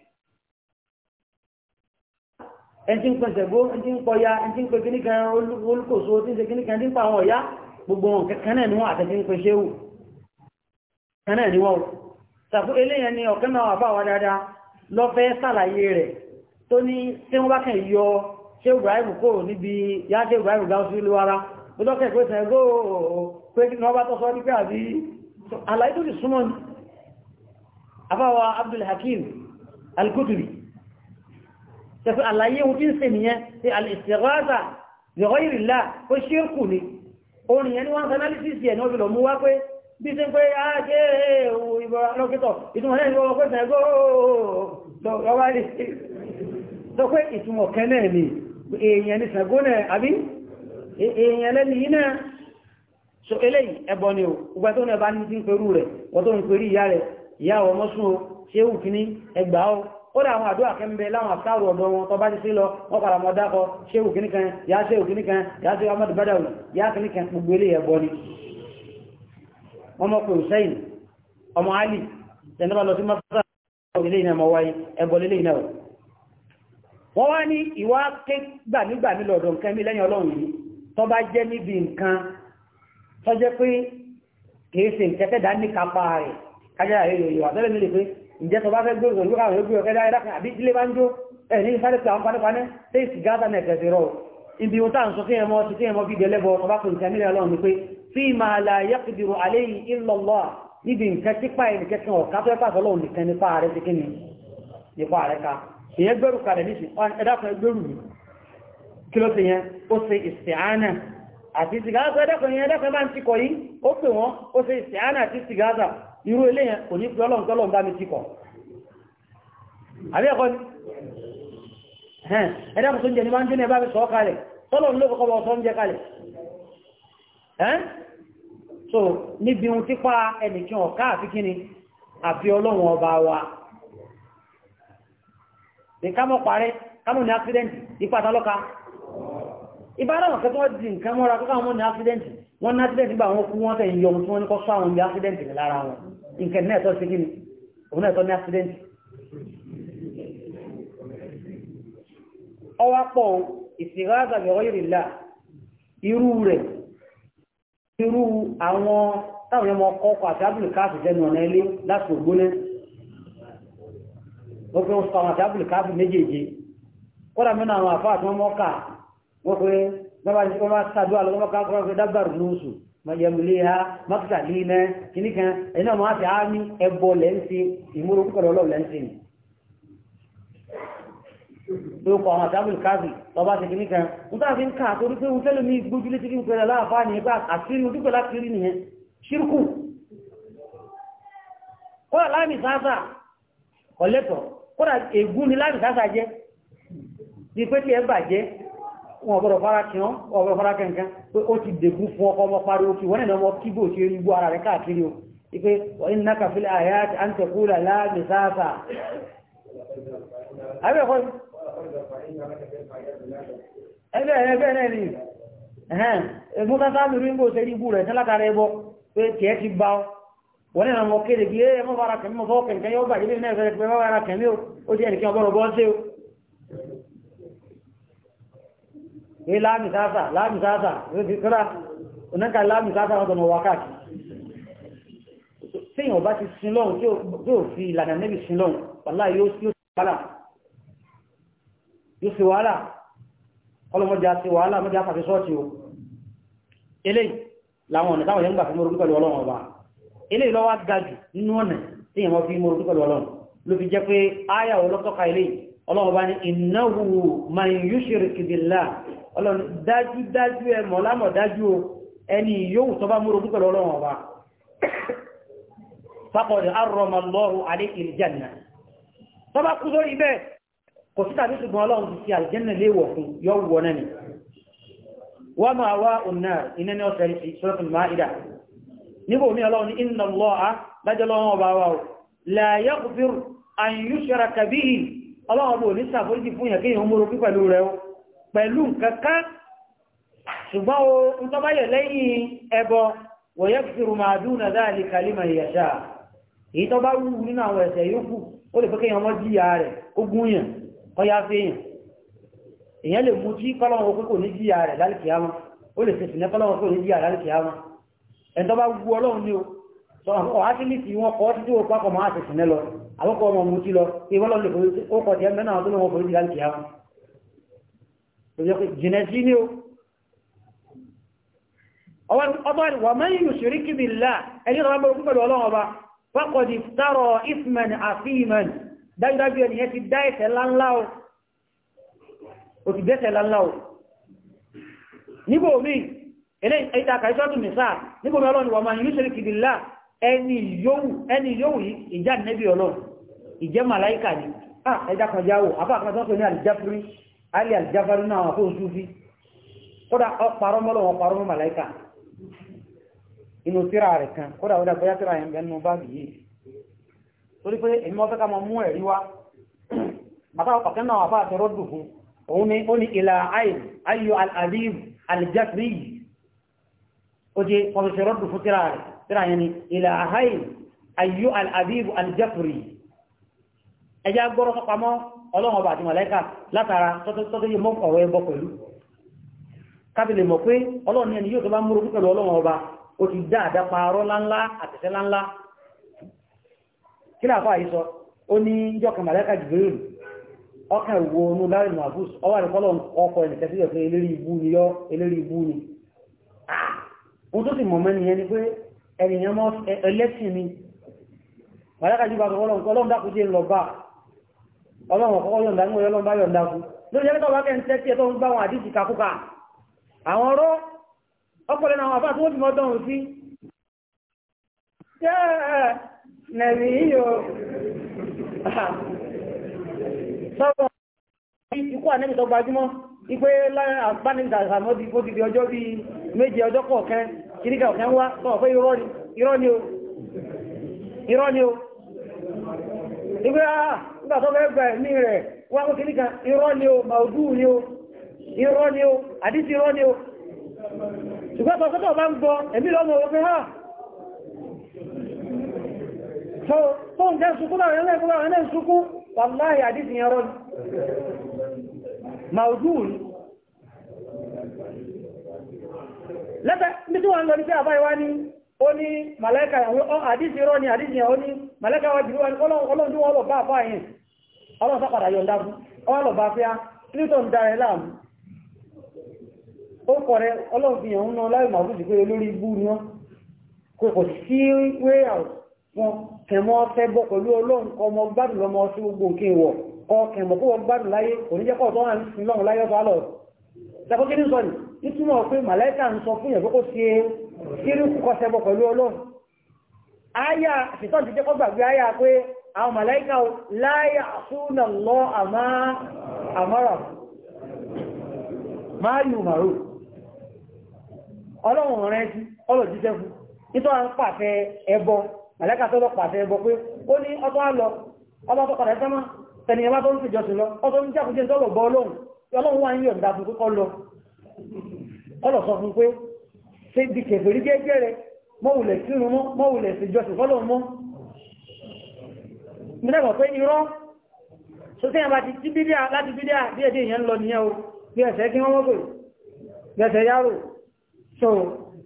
ẹni tí ń pẹ̀sẹ̀ bó ẹni tí ń pọ̀ ya ẹni tí ń pẹ̀ kíníkan olùkòso tí ń ṣe kíníkan tí ń pa àwọn ọ̀yá gbogbo wọn kankan náà ni wọ́n àtẹ́jú ń pẹ̀ ṣe wù kankan náà ni wọ́n sàfún eléyẹn ni ọ̀kan náà wà fáwọn dáadáa lọ́fẹ́ sàlàyé rẹ̀ tó ní tí wọ́n bá kàn yọ ṣé Ibrahim kò níbi yá ṣé Ibrahim gáwó sí ìlú ara ó Abdul Hakim Al-Kutubi ṣẹ́fẹ́ àlàyé ohun tí ń ṣe nìyẹn ti al-istighatha bi ghayri Allah ó ṣírkù ni orin yẹn ni wọ́n ń sanálísìs yẹn ní obìnrin mú wá pé bí ṣe ń pé ajé ìbọ̀rọ̀ alọ́kítọ̀ ìtumọ̀ náà ni wọ́n pẹ́ sẹ́gọ́ kódà àwọn àdúrà kẹ́ ń bẹ láwọn àkáàrù ọ̀dọ̀ wọn tó bá ti sí lọ wọ́n padà mọ́ dákọ ṣéwù kìníkan yá ṣéwù kìníkan yá ṣéwù amadu badawi yá kìníkan gbogbo ilé ẹ̀bọ ni ọmọ pé ọmọ ali tẹ̀lẹ́bà lọ sí mọ́sára ilé iná mọ́ wáyé ẹ̀bọ lélé iná rẹ̀ wọ́n wá ní ìwà ké gbàmígbàmí lọ́dọ̀ nǹkan mi lẹ́yìn ọlọ́run yìí tó bá jẹ́ níbi nǹkan tó jẹ́ pé kìí ṣe nǹkan tẹ́dá ní kápá rẹ̀ kájára ǹjẹ́ tó bá fẹ́ gbóòzò lórí àwọn olóògbé ọ̀kẹ́ dáadáa kan àbí ilé bá ń jó ẹ̀ ní sáré pé àwọn panípaní tẹ́ ìsì gáàtà náà kẹsì rọ ibi ohun táà ń sọ kéèyàn mọ́ ti kéèyàn mọ́ bíbẹ̀ lẹ́bọ̀ ọba kò nìkan nílẹ̀ ọlọ́run ni pé fi máa la yẹ́kùdìrò alẹ́ yìí illallah níbi nǹkan típa ẹ̀ nìkan kan ọ̀ká fẹ́ pàṣọ lọ́wọ́ nìkan nípa ààrẹ ti kí ni nípa ààrẹ ka ìyẹn gbẹrù kalẹ̀ níṣì ẹ̀dá kan irú eléyàn kò ní pé ọlọ́run tọ́lọ́run bá mi ti kọ̀ àbí ẹ̀kọ́ ni ẹ̀dá mùsùn jẹ ní máa ń jẹ́ bá mi sọ kalẹ̀ tọ́lọ́run ló kọ́kọ́ bọ́ sọ ń jẹ kalẹ̀ so níbi ohun típa ẹnìkan ọ̀ká àfi kíni àfi ọlọ́run ọba wa ní ká mọ̀ parẹ́ ká mọ̀ ní accident ipa tálọ́ka ìbárawọn kẹtọ́ di nǹkan mọ́ra kọ́kọ́ àwọn ní accident wọ́n ní accident gbà wọn kú wọ́n tẹ̀ yọ ohun tí wọ́n ní kọ́ sọ àwọn ní accident lára wọn o nǹkan o tọ́ sí kí ni òun náà tọ́ ní accident ọwá pọ̀ ìsìnkáàzà gẹ̀rọ ìrìnlá irú rẹ̀ irú àwọn táwọn ọmọ ọkọ̀ àti ábùlù káàfì jẹnu ọ̀nà ilé láti ògbóná ó pé ó sọ àwọn àti ábùlù káàfì méjèèjì kọ́dà mẹ́nu àwọn àfáà tí wọ́n mọ́kà wọ́n pé wọ́n bá sàdúrà lọ́wọ́ káàkiri dábàrù lóṣù mayamliha maksalina kìnnìkan ẹ̀yìn náà máa fi á ní ẹbọ lẹ́ǹsì ìmúrò púpọ̀ lọ́lọ́ lẹ́ǹsì ni ló kọ àwọn àtàbùl káàbì ọba ṣe kìnnìkan ń tàà fi ń ká àtórí pé ń tẹ́lẹ̀ ní gbójúlé tí kí ń pẹ̀lẹ̀ láàfáà ní ẹgbà àkírí ojú pẹ̀lá kiri nìyẹn ṣírkù sasa láàmì sáásà ọ̀lẹ́tọ̀ kọ́lá ègún ni láàmì sáásà jẹ́ ní pé tí ẹ bàjẹ́ wọn ọ̀bọ̀rọ̀ fara kí wọ́n ọ̀bọ̀rọ̀ fara kẹ̀kẹ́ pé ó ti dẹ̀kú fún ọkọ̀ ọmọ pariwo kí wọ́n nìna ọmọ kíbò ṣe rí gbọ́ ara rẹ̀ káàkiri o ipe ọ̀yìn náà kàfílẹ̀ àyà àǹtẹ̀kúrà láàmì sáàfà wọ́n ní àwọn kéde bí ẹ mọ́ fara kẹ̀mí mọ́ fọ́ kẹ̀kẹ́ yóò bàjẹ́ bí ẹ̀ fẹ́rẹ̀ pẹ̀lú ara kẹ̀mí ó eh lami sasa lami sasa kira onaka lami sasa wọn tọmọ wákàtí tíyàn ọba ti sin lọ́run tí ó fi ìlànà nẹ́bì sin lọ́run wàlá yóò sí wàhálà yóò sí wàhálà ọlọ́mọdé àti wàhálà mọ́dé àpàtẹ sọ́ọ̀tì o eléyìí làwọn ọ̀nà táwọn yẹn ń gbà fi mọ́rọ̀ pípẹ̀lú ọlọ́run ọba eléyìí lọ́wọ́ ga jù nínú ọ̀nà tíyàn wọ́n fi mọ́rọ̀ pípẹ̀lú ọlọ́run ló fi jẹ́ pé áyà ọlọ́tọ́ka eléyìí ọlọ́run ọba ní innahu man yushrik billah ọlọ́run dájúdájú ẹ mọ̀ lámọ̀ dájú o ẹni yóò tọ́ bá múrò púpẹ̀lú ọlọ́run ọba faqad harrama Allahu alayhi al-janna tọ́ bá kú sórí bẹ́ẹ̀ kò sí tàbí ṣùgbọ́n ọlọ́run ti fi àlìjẹ́nà léèwọ̀ fún yọ wọ náà ni wa ma'wa'un nar iná ní ọ̀sẹ̀ suratul Ma'ida níbo ní ọlọ́run ní inna Allaha lájọ́ pẹ̀lú nǹkankan ṣùgbọ́n o ń tọ́ báyẹ̀ lẹ́yìn ẹbọ wọ̀yẹ́ fìrù máa dùn náà dáàlì kalima ìyàṣà èyí tọ́ bá wù nínú àwọn ẹ̀ṣẹ̀ yòókù ó lè fẹ́kẹ́ yàn wọ́n jíyà rẹ̀ ó gún yàn kọ́ yá fẹ́ yàn èyàn lè mú tí kọ́lọ́wọ́ pé kò ní jíyà rẹ̀ lálùkì àmà ó lè fèsì nẹ́kọ́lọ́wọ́ pé kò ní wọn ó lè jìnà sí ní o ọba wà mọ́ yìí ṣe ríkì bí láà ẹni rọ̀bọ̀ ogun pẹ̀lú ọlọ́run ọba fọ́kọ̀dì tààrọ̀ ifman àfihàn dájúdájú ẹni ẹ ti dá ẹ̀ṣẹ̀ láńlá o o ti dẹ́ṣẹ̀ láńlá o nígbò mí ilé ìta kàíṣọ́tù nìsá nígbò mí ọlọ́run wà mọ́ yìí ṣe ríkì bí láà ẹni yóò yìí ìjà nẹ́bí ọlọ́run ìjẹ́ màláìkà ni ah, alì àjábárí náà àwọn fóòsù fi kódà ọparọ́ mọ́lọ̀ wọn parọ́ mọ́ màláìkà inú tíra rẹ̀ kan kódà ó dàgbẹ́yà tíra yẹn bẹ́ẹ̀ nù bá bìí torí pé èmi wọ́n fẹ́ ká mọ mú ẹ̀rí wá bàbá ọ̀pàkẹ́ náà àbá àti rọ́dù fún òun ni ó ní ìlà ayò al-azim al ó jẹ́ ọ̀pàkẹ́ rọ́dù tíra yẹn ni ìlà ayò al-azim al-jasri ẹjá ọlọ́run bàtí mọ̀lẹ́kà látara tọ́tọ́tọ́tọ́ yìí mọ́ ọ̀rọ̀ ẹbọ pẹ̀lú kábílẹ̀ mọ̀ pé ọlọ́run ní ẹni yóò tó bá múrò púpẹ̀lú ọlọ́run ọba ó ti dáadáa paarọ́ láńlá àtẹ̀sẹ́ láńlá kí láàfáà yìí sọ ó ní jọ́kàn mọ̀lẹ́kà ni ni ah! ọlọ́run ọ̀kọ́kọ́ yọ̀ǹda ní ọlọ́run bá yọ̀ǹda fún lórí ẹgbẹ́ tọ́wọ́ kẹ́ ń tẹ́tí ẹ̀ tó ń gbá wọn àdíjì kakúkà àwọn ọ̀rọ̀ ọpọlẹ̀ náà àbá tó ń fi mọ́ dọ̀hùn sí. jẹ́ nẹ̀rí yíyọ sọ́wọ́ ikú ànẹ́bì tó gbajúmọ̀ ipé láàbánidà àmọ́dí ó di ọjọ́ bíi méje ọjọ́ kọ̀ọ̀kan kìríkà ọ̀kan wá sọ pé irọ́ ni o irọ́ ni o ìgbé àà ah, nígbà tó fẹ́ gbà ẹ̀mí rẹ̀ wọ́n kó kìíní kan irọ́ ni o màúdù ni o irọ́ ni o àdísí irọ́ ni o ṣùgbọ́n tó sọ́tọ̀ bá ń gbọ́ ẹ̀mí lọ́mọ òwe ha tó tó ń jẹ́ sukú láwọn ẹlẹ́kú láwọn ẹlẹ́ sukú wàláhì àdísí yẹn rọ́ ni màúdù ni lẹ́tẹ̀ ní tí wọ́n lọ ní pé àbáyíwá ó ní màlẹ́kà àwọn àdísí irọ́ ni àdísí yẹn ní màlẹ́kà wájú ọlọ́run tí wọ́n lọ bá ọlọ́run sọ́kàdà yọ̀ǹda fún ọlọ́ bá fíá clinton dára láàmú ó kọ̀ rẹ ọlọ́run fi hàn ń ná láì màá fújì pé olórí ibú ni wọ́n kò kò sí way out wọn kẹmọ fẹ́ bọ́ pẹ̀lú ọlọ́run ọmọ gbádùn lọmọ sí gbogbo nǹkan ìwọ̀ kọ kẹmọ kó wọ́n gbádùn láyé kò ní jẹ́kọ̀ tó wà ní lọ́run láyé ọ̀tọ̀ alọ̀ ṣàkókí ní sọ́ni nítumọ̀ pé màláìkà ń sọ fún yẹn pé kó ṣe kí ní kúkọ́ sẹ́bọ̀ àwọn màláíkà láyà súnà lọ àmárà máa yù màrò ọlọ́run rẹ̀ sí ọlọ̀ jíṣẹ́ fún nítorí àwọn pàtẹ ẹbọ màláíkà tó lọ pàtẹ ẹbọ pé ó ní ọtọ́ á lọ tó padà sẹ́mọ́ tẹni tó ń lọ ọtọ́ ń bọ́ ọlọ́run mílẹ̀mọ̀ pé irọ́ tó tí ẹ̀mà ti bídíà láti bídíà bí ẹ̀dẹ́ ìyẹn lọ nìyẹn o bí ẹ̀sẹ̀ kí wọ́n mọ́kò gẹ̀ẹ́sẹ̀ yárò so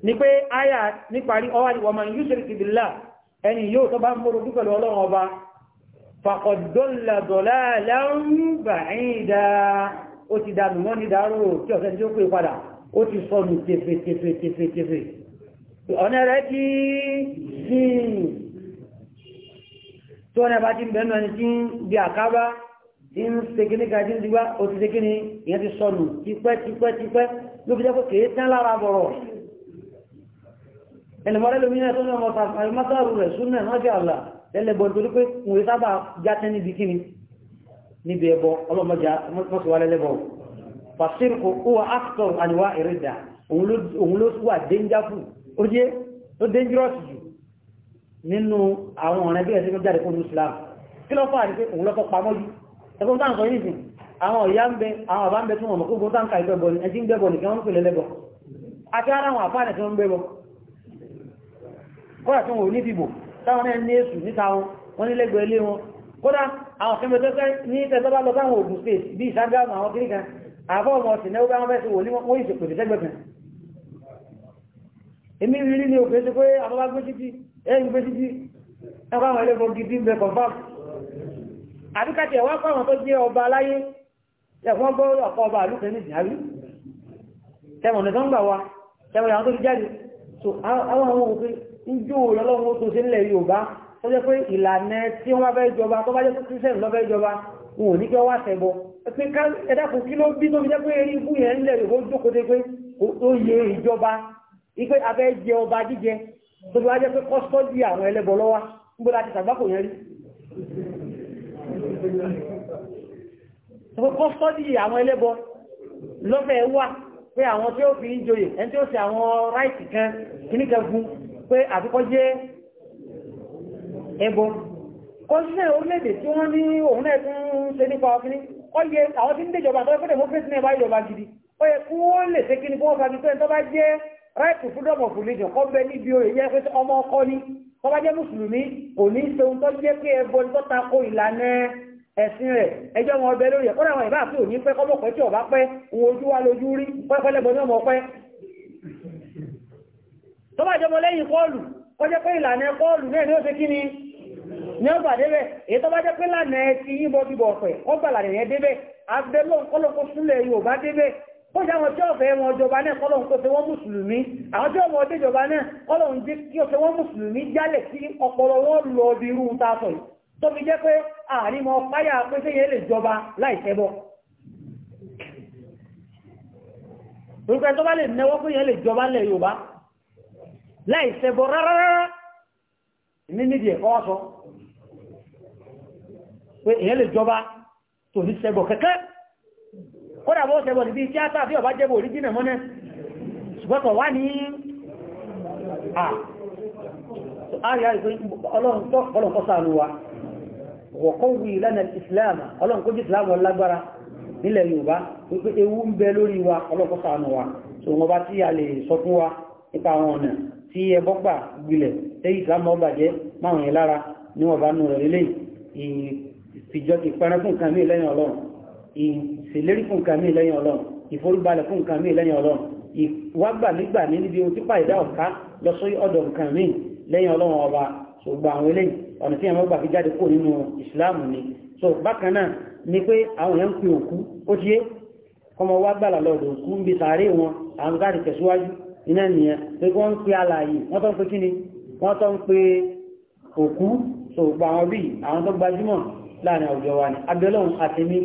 ní pé àyà níparí ọwá ni wọ́n yushrik billah ẹni yóò tó bá ń mọ́rọ̀ pẹ̀lú ọlọ́run ọba faqad dalla dalalan ba'ida ó ti dànù wọ́n ní dáró tí ọ̀sẹ̀ tí ó pè padà ó ọ̀nà rẹ̀ ti sìn tó ní abá ti ń bẹ̀rẹ̀ ní tí ń bí àkábá tí ń ṣe kíní ká tí ń digbá ó ti ṣe kíní ìyẹn ti sọnù tipẹ́ tipẹ́ tipẹ́ ló fi jẹ́ pé kèé tán lára bọ̀rọ̀ ẹnìmọ́rẹ́ lómi náà tó ní ọmọ mọ́sáàrù rẹ̀ súnmẹ̀ lọ́jọ́ àlà lẹ́lẹ́gbọ́n torí pé òun sábà játẹ́ níbi kíni níbi ẹbọ ọlọ́mọjà mọ́sùwá lẹ́lẹ́bọ̀ fàṣírkù ó wà áfítọ̀ àníwá ìrìdà òun ló wà dénjáfù ó jẹ́ ó dénjírọ́sì jù nínú àwọn ọ̀rẹ́ bí ẹ̀sẹ̀ tó jáde kó Islam kí lọ́fà àti pé òun lọ́fọ́ pamọ́ jù ẹgbọ́n tán sọ yìí sí àwọn ọ̀yá ń bẹ àwọn àbá ń bẹ tún ọmọ kó gbọ́n ká ìgbẹ́bọ̀ ní ẹjí ń gbẹ́bọ̀ nìkan wọ́n ń pèlè lẹ́bọ̀ àti ara àwọn àfáànì tí wọ́n ń gbẹ́bọ̀ kọ́dà tí wọn ò ní dìbò táwọn ẹni ní èsù níta wọn wọ́n nílẹ́gbẹ̀ ilé wọn kódà àwọn kẹmẹ tó fẹ́ ní tẹ́tọ́ bá lọ sáwọn Ògùn state bí ìságáàmù àwọn kiri kan àbọ̀ ọmọ ọ̀sìn náà bá wọn fẹ́ sí wò ní wọ́n ìsèpèsè sẹ́gbẹ̀ kan èmi rí ní òkè sí pé àbábá gbé títí ẹ̀yìn pé títí ẹwà àwọn ẹlẹ́gbọ́n gidi bẹ confam àdúkàtì ẹ̀wà fún àwọn tó jẹ́ ọba aláyé ẹ̀fọ́n gbọ́ ọ̀pọ̀ ọba àlùkẹ́ ní so àwọn àwọn òfin ń jó lọ́lọ́run tó ṣe nílẹ̀ Yorùbá tó jẹ́ pé ìlànà tí wọ́n bá fẹ́ jọba tó bá jẹ́ kírísẹ́nì lọ́fẹ́ jọba wọn ò ní kí wọ́n wá ṣẹbọ ẹ̀dàkùn kí ló bí tó fi jẹ́ pé eré ikú yẹn nílẹ̀ Yorùbá ó jókòó pé yẹ ìjọba ipe abẹ́ jẹ ọba jíjẹ tó bí wá jẹ́ pé kọ́sítọ́dì àwọn ẹlẹ́bọ lọ́wọ́ ń gbọ́dá ti sàgbákò yẹn rí kọ́sítọ́dì àwọn ẹlẹ́bọ lọ́fẹ̀ẹ́ wà pé àwọn tí ó fi ń joyè ẹni tí ó ṣe àwọn ráìtì kan kìníkẹ fún pé àfikọ́ jẹ́ ẹbọ kọ́sílẹ̀ orílẹ̀-èdè tí wọ́n ní òun náà tún ṣe nípa ọkìní ó yẹ àwọn tí ń dèjọba tó ni kí wọ́n fagi tó right to freedom of religion kọ́ bẹ níbi oyè yẹ pé ọmọ ọkọ ni kọ́ bá jẹ́ mùsùlùmí kò ní í ṣe ohun tó jẹ́ pé ẹbọ ní tó ta ko ìlànà ẹ̀sìn rẹ̀ ẹjọ́ wọn ọbẹ̀ lórí ẹ̀ kọ́ra àwọn ìbá àti òní pẹ́ kọ́mọ̀ pẹ́ tí ọba pẹ́ òun ojú wa lójú rí pẹ́pẹ́lẹ́bọ ní ọmọ pẹ́ tó bá jọmọ lẹ́yìn kọ́ọ̀lù kọ́ jẹ́ pé ìlànà kọ́ọ̀lù náà ni ó ṣe kí ni ní ọgbà débẹ̀ èyí tó bá jẹ́ pé lànà ẹ ti yíbọn bíbọ̀ ọ̀pẹ̀ ọgbà lànà yẹn débẹ̀ abẹ́lọ́nkọ́lọ́kọ́ súnlẹ̀ Yorùbá débẹ̀ ó ṣe àwọn wọn jọba náà kọ́lọ̀hún kó fẹ́ wọ́n mùsùlùmí àwọn tí ó wọ́n jọba náà kọ́lọ̀hún jẹ́ kí ó wọ́n mùsùlùmí jálẹ̀ sí ọpọlọ wọn lọ bí irú ta sọ tó fi jẹ́ pé ààrin mọ páyà pé sí yẹn lè jọba láì kódà bó ṣe bọ̀dì bí i tíátà bí ọba jẹ́ bò oríjìnà mọ́nà ṣùgbọ́kọ̀ wá ní àríyá ìpé ọlọ́nkọ́ sáàlú wa wọ̀kọ́ wù ìlànà islam ọlọ́nkọ́ jí islam lágbára nílẹ̀ yorùbá wípé ewu ń bẹ lórí wa ọlọ́nkọ́ sáàlú wa tó wọn bá tí a lè sọ fún wa nípa àwọn ọ̀nà tí ẹbọ́gbà gbilẹ̀ tẹ́yí islam ọgbà jẹ́ máwọn yẹn lára níwọ̀n bá nù rẹ̀ lélẹ́yìn ìfìjọ́ ìpẹrẹ fún nǹkan ìṣèlérí fún nǹkan mí lẹ́yìn ọlọ́run ìforúbalẹ̀ fún nǹkan mí lẹ́yìn ọlọ́run ìwágbà nígbà ní níbi ohun típa ìdá ọ̀ká lọ sí ọ̀dọ̀ nǹkan mí lẹ́yìn ọlọ́run ọba ṣùgbọ́n àwọn eléyìí ọ̀nà tí àwọn fi jáde kúrò nínú ìsìláàmù ni so bákan náà ni pé àwọn èèyàn ń pe òkú ó ti yé kọmọ wá gbàlà lọ́dọ̀ òkú ń bi sàárè wọn àwọn gáàdì tẹ̀síwájú iná nìyẹn pé wọ́n ń pe alààyè wọ́n tó ń pe kíni wọ́n tó ń pe òkú so gbà àwọn bíi àwọn tó gbajúmọ̀ láàrin àwùjọ wa ni abẹ́lọ́hun àtẹ̀mí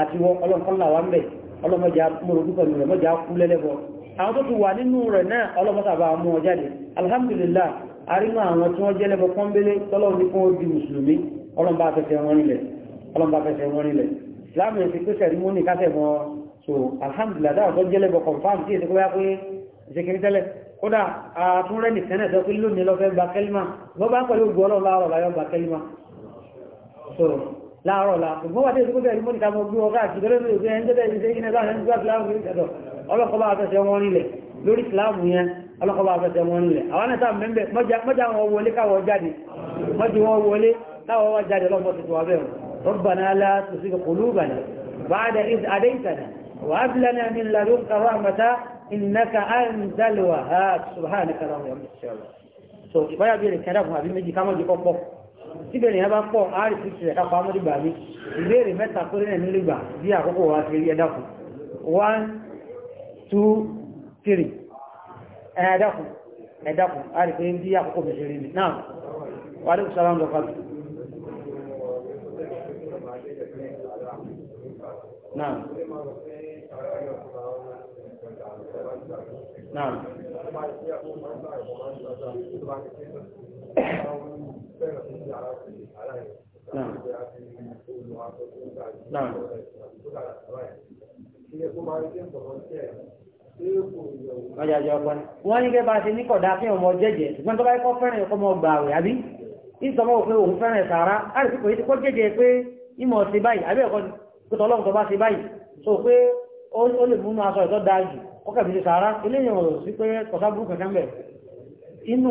àti wọn ọlọ́nkọ́lá wa ń bẹ̀ ọlọ́mọdé amúròdú pẹ̀lú rẹ̀ mọ́jà kú lẹ́lẹ́bọ̀ àwọn tó ti wà nínú rẹ̀ náà ọlọ́mọsàbà mú ọ jáde alhamdulillah arínú àwọn tí wọ́n jẹ́ lẹ́bọ̀ pọ́nbélé tọ́lọ́run ní fún ó di mùsùlùmí ọlọ́mbà fẹsẹ̀ wọn nílẹ̀ ọlọ́mbà fẹsẹ̀ wọn nílẹ̀ láàmì ẹ̀sìn pé sẹ̀rímónì kásẹ̀ so alhamdulillah dáhùn tó jẹ́ lẹ́bọ̀ confam tí èsì kó yá pé ìṣèkiri tẹ́lẹ̀ kódà àtúnrẹ́ nìkan náà sọ pé lónìí lọ́fẹ́ gba kẹ́límà lọ́ bá pẹ̀lú ògbó ọlọ́run láàrọ̀ so láàárọ̀ la ṣùgbọ́n wà déjì kúrò ìmúni ká mọ gbé ọgá àti ìdọ́lẹ́ lórí ìgbé ẹni tẹ́lẹ̀ ìṣe iná láàrin ìgbà ìlàmù ní ìṣẹ̀dọ̀ ọlọ́kọ̀ bá fẹsẹ̀ wọn nílẹ̀ lórí ìsìláàmù yẹn ọlọ́kọ̀ bá fẹsẹ̀ wọn nílẹ̀ àwọn ẹ̀ta mẹ́mbẹ́ mọ́já wọn wọlé káwọ jáde ربنا لا تزغ قلوبنا بعد إذ هديتنا وهب من لدنك رحمة إنك أنت الوهاب سبحانك اللهم وبحمدك سو بايا بيري كلام هذه ميجي كما جي كوكو síbẹ̀ ni a bá pọ̀ àárí sí ṣẹ̀ká pamọ́ dìgbà mi ìbéèrè mẹ́ta tó rí nínú ìgbà bí àkókò wa ti rí ẹ̀dàkù 1 2 3 ẹ̀dàkù ẹ̀dàkù àárí pé bí àkókò mi ṣe rí mi náà wà ní ìṣàlá ń lọ́kọ́ Náà. Náà. Ọjàjọ ọ̀pọ̀ ni. Wọ́n ní kẹ́ bá ṣe ní kọ̀dá fí ọmọ jẹ́jẹ́, ṣùgbọ́n tó bá ikọ́ fẹ́rẹ̀ ọkọ́ mọ gbà rẹ̀ àbí? Ìsọmọ́ òfin òun fẹ́rẹ̀ sàárá, á rí pípò ìtìkọ́ jẹ́jẹ́ pé ìmọ̀ ṣe báyìí, àbí ẹ̀kọ́ tọ́lọ́run tó bá so pé ó lè múnú aṣọ ìtọ́ dáa jù, ọkọ̀ ìbí ṣe sàárá, eléyìn ọ̀rọ̀ sí pé kọ̀sá burúkú kankan bẹ̀. Inú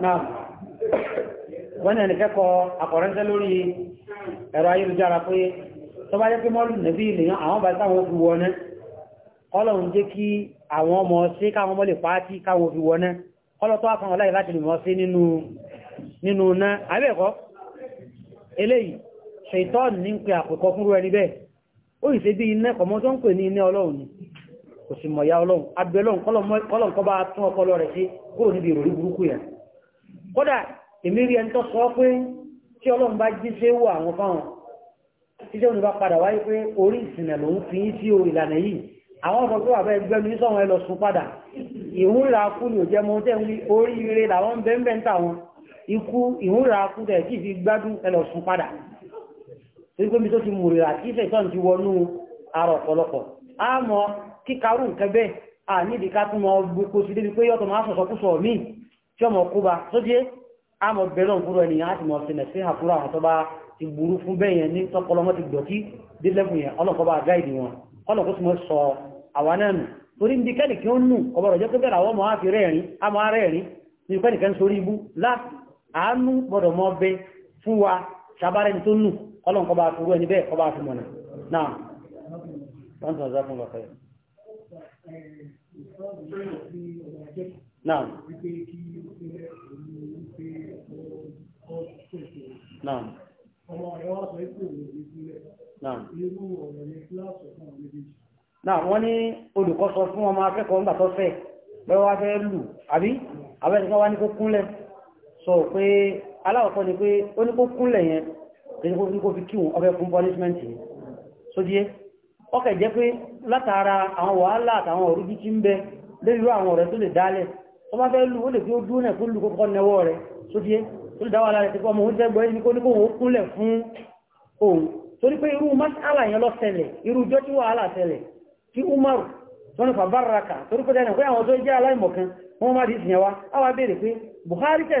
Náà, wọ́n ni ẹ̀kẹ́kọ̀ọ́ àkọ̀rẹ́sẹ́ lórí ẹ̀rọ ayélujára pé tó bá jẹ́ pé mọ́lù nẹ̀bí ìlèyàn àwọn bá sáwọn fi wọnẹ́, ọlọ́run jẹ́ kí àwọn ọmọ sí káwọn mọ́lè pàátí káwọn fi wọnẹ́, ọlọ́tọ́ àfọn ọláyìí láti lè mọ́ sí nínú náà ṣètọ́ọ̀nù ní ń pe àpẹ̀kọ fúnrú ẹni bẹ́ẹ̀ ó ìṣe bí iná kọ̀mọ́ tó ń pè ní iná ọlọ́run ni kò sì mọ̀yá ọlọ́run abẹ́ ọlọ́run kọ́lọ́nkọ́ bá tún ọpọlọ rẹ̀ sí kúrò níbi ìròrí burúkú yẹn kódà èmi rí ẹni tó sọ pé tí ọlọ́run bá jí ṣe wọ àwọn fáwọn tí ṣé òun bá padà wáyé pé orí ìsìnà lòun fi yín sí orí ìlànà yìí àwọn ọmọ tó wà bẹ́ẹ̀ gbẹ́nu ní sọ̀rọ̀ ẹ lọ sùn padà ìhúnra kú ni ò jẹ́ mọ́ tẹ́ ń rí orí ire làwọn bẹ́ẹ̀ ń bẹ́ẹ̀ ń ikú ìhúnra kú kí fi gbádùn ẹ padà torí pé mi tó ti mùrè àti ìfẹ́ ìtọ́n ti wọnú ara ọ̀pọ̀lọpọ̀ a mọ kíkarú nǹkan bẹ́ẹ̀ a nídìí ká tún mọ gbogbo sí débi pé yọ́tọ̀ máa sọ̀sọ̀ kú sọ̀ mí tí ọmọ kú ba tó jẹ́ a mọ bẹ̀rẹ̀ òǹkúrò ènìyàn á ti mọ̀ sinẹ̀ sí àkúrò àwọn tó bá ti burú fún bẹ́ẹ̀ yẹn ní tọpọlọmọ ti gbọ̀tí délẹ́kùn yẹn ọlọ́kọ́ bá gáìdì wọn ọlọ́kọ́ sì mọ́ sọ àwọn náà nù torí ní kẹ́lì kí ó nù ọbọ̀rọ̀ jẹ́ tó nù kọ́lọ̀n kọba àtúrú ẹni bẹ́ẹ̀ kọba àtúmọ̀ náà wọ́n tàn zákùn lọ fẹ́ náà náà náà wọ́n ní olùkọ́ sọ fún ọmọ akẹ́kọ̀ọ́ ń gbàtọ́ fẹ́ pẹ́wọ́ wá fẹ́ lù àbí abẹ́sẹ̀kọ́ wá ní kó kúnlẹ̀ sọ pé aláwọ̀kọ́ ni pé ó ní kó kúnlẹ̀ yẹn ní kó fi kíhùn ọbẹ̀ fún punishment ni so díẹ̀ ọkẹ̀ jẹ́ pé látara àwọn wàhálà àtàwọn òrújú tí ń bẹ lórí àwọn ọ̀rẹ́ tó lè dálẹ̀ tó bá fẹ́ lù ó lè fi ó dúró náà kó lù kókó nẹwọ́ rẹ̀ so díẹ̀ tó lè dá rẹ̀ tí kọ́ ọmọ òun jẹ́ masala yẹn lọ ṣẹlẹ̀ irú jọ́ tí wàhálà ṣẹlẹ̀ tí umaru tọ́nà fàbáraka torí pé àwọn tó jẹ́ aláìmọ̀kan wọ́n má rí ìsìnyẹ̀wá á wá béèrè pé Buhari tẹ̀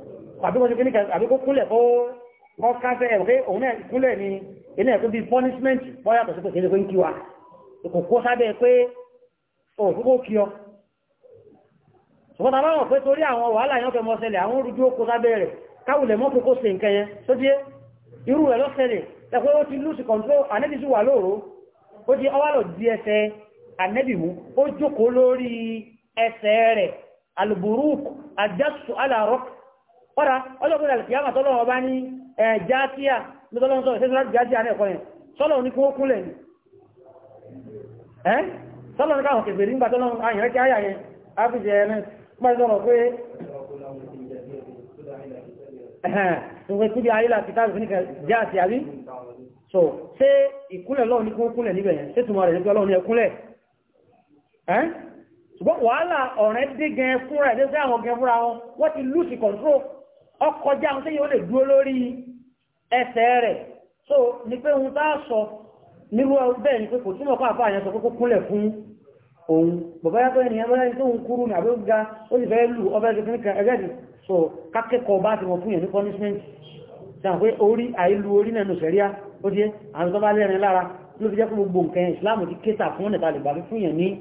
àbí wọ́n ṣe kí ní kẹ́ àbí kó kúnlẹ̀ kó wọ́n káṣẹ́ ẹ̀ pé òun náà kúnlẹ̀ ni ilé ẹ̀kọ́ bíi punishment wọ́n yàtọ̀ sí pé kéde pé ń kí wa kò kó sábẹ́ pé òun kó kí ọ. ṣùgbọ́n tàbá wọ̀ pé torí àwọn wàhálà yẹn fẹ́ mọ́ ṣẹlẹ̀ àwọn orújú kó sábẹ́ rẹ̀ káwùlẹ̀ mọ́ pé kó ṣe nǹkan yẹn tó jẹ́ irú rẹ̀ lọ́sẹ̀lẹ̀ ẹ̀pẹ́ ó ti lose control anẹ́bí sì wà lóòró ó di ọwá lọ di kọ́dà ọlọ́gbọ́n alìkìyàmà tọ́lọ́wọ́ bá ní jáàtíà lọ́tọ́lọ́wọ́ sọ́rọ̀ sẹ́sọ́rọ̀ jáàtíà ní ẹ̀kọ́ yẹn sọ́lọ̀ ní kó kúnlẹ̀ ní ẹ́ sọ́lọ̀ ní káwọn kèfèrí nígbà tọ́lọ́wọ́ àyẹ̀rẹ́ kí áyà yẹn áfíjẹ ẹni pẹ́sọ́rọ̀ pé ẹ̀hẹ̀n tó bí ayé láti tábí fún jáàtíà rí so se ìkúnlẹ̀ lọ́wọ́ ní kó kúnlẹ̀ níbẹ̀ yẹn ṣé tùmọ̀ rẹ̀ ní pé ọlọ́run ní ẹkúnlẹ̀ ẹ́ ṣùgbọ́n wàhálà ọ̀rẹ́ dé gẹn fúnra ẹ̀ lé fẹ́ àwọn gẹn fúnra wọn wọ́n ti lùsì control ọkọjá àwọn tẹ́yìn ó lè dúró lórí ẹsẹ̀ rẹ̀ so ni pé ohun tá a sọ nírú bẹ́ẹ̀ ni pé kò túnmọ̀ kọ́ àfáà yẹn sọ kókó kúnlẹ̀ fún òun bàbá yàtọ̀ ènìyàn bá yẹn tó ń kúrú ní àbẹ́ ga ó sì fẹ́ lù ọbẹ̀ tó nìkan ẹgbẹ́ ti so kákẹ́kọ̀ọ́ bá ti wọ̀ fún yẹn ní punishment sàn pé orí àìlú orí náà nù sẹ́ríà ó ti àwọn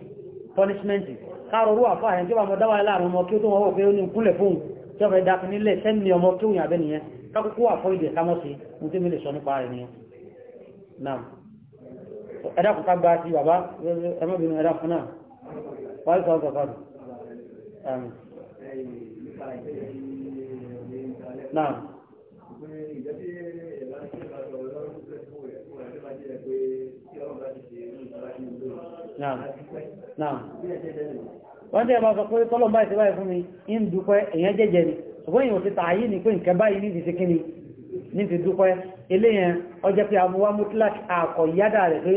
punishment káàrọ̀ orú àfáà yẹn tí wàá mọ dáwà láàrin ọmọ kí ó tó wọ́n wọ̀ pé ó tí ọ̀fẹ́ dákì nílẹ̀ sẹ́ni ọmọ kí òyìn abẹ́ nìyẹn kákùkú wà fún ìdẹ̀ kámọ́ sí ní tí mi lè sọ nípa rẹ̀ nìyẹn náà ẹ̀dàkùn ká gba ti bàbá ẹmọ́bìnrin ẹ̀dàkùn náà wáyé sọ ọ̀sọ̀ fàdù náà náà náà wọ́n tẹ́ ma sọ pé tọ́lọ́mbà ìsẹ́bà fún mi ń dúpẹ́ èyàn jẹ́jẹ́ ni ṣùgbọ́n èyàn ti tààyè ní pé nǹkan báyìí níbi sí kíni ní ti dúpẹ́ eléyàn ọjọ́ pé amúwá mutlak àkọ̀ yádà rẹ̀ pé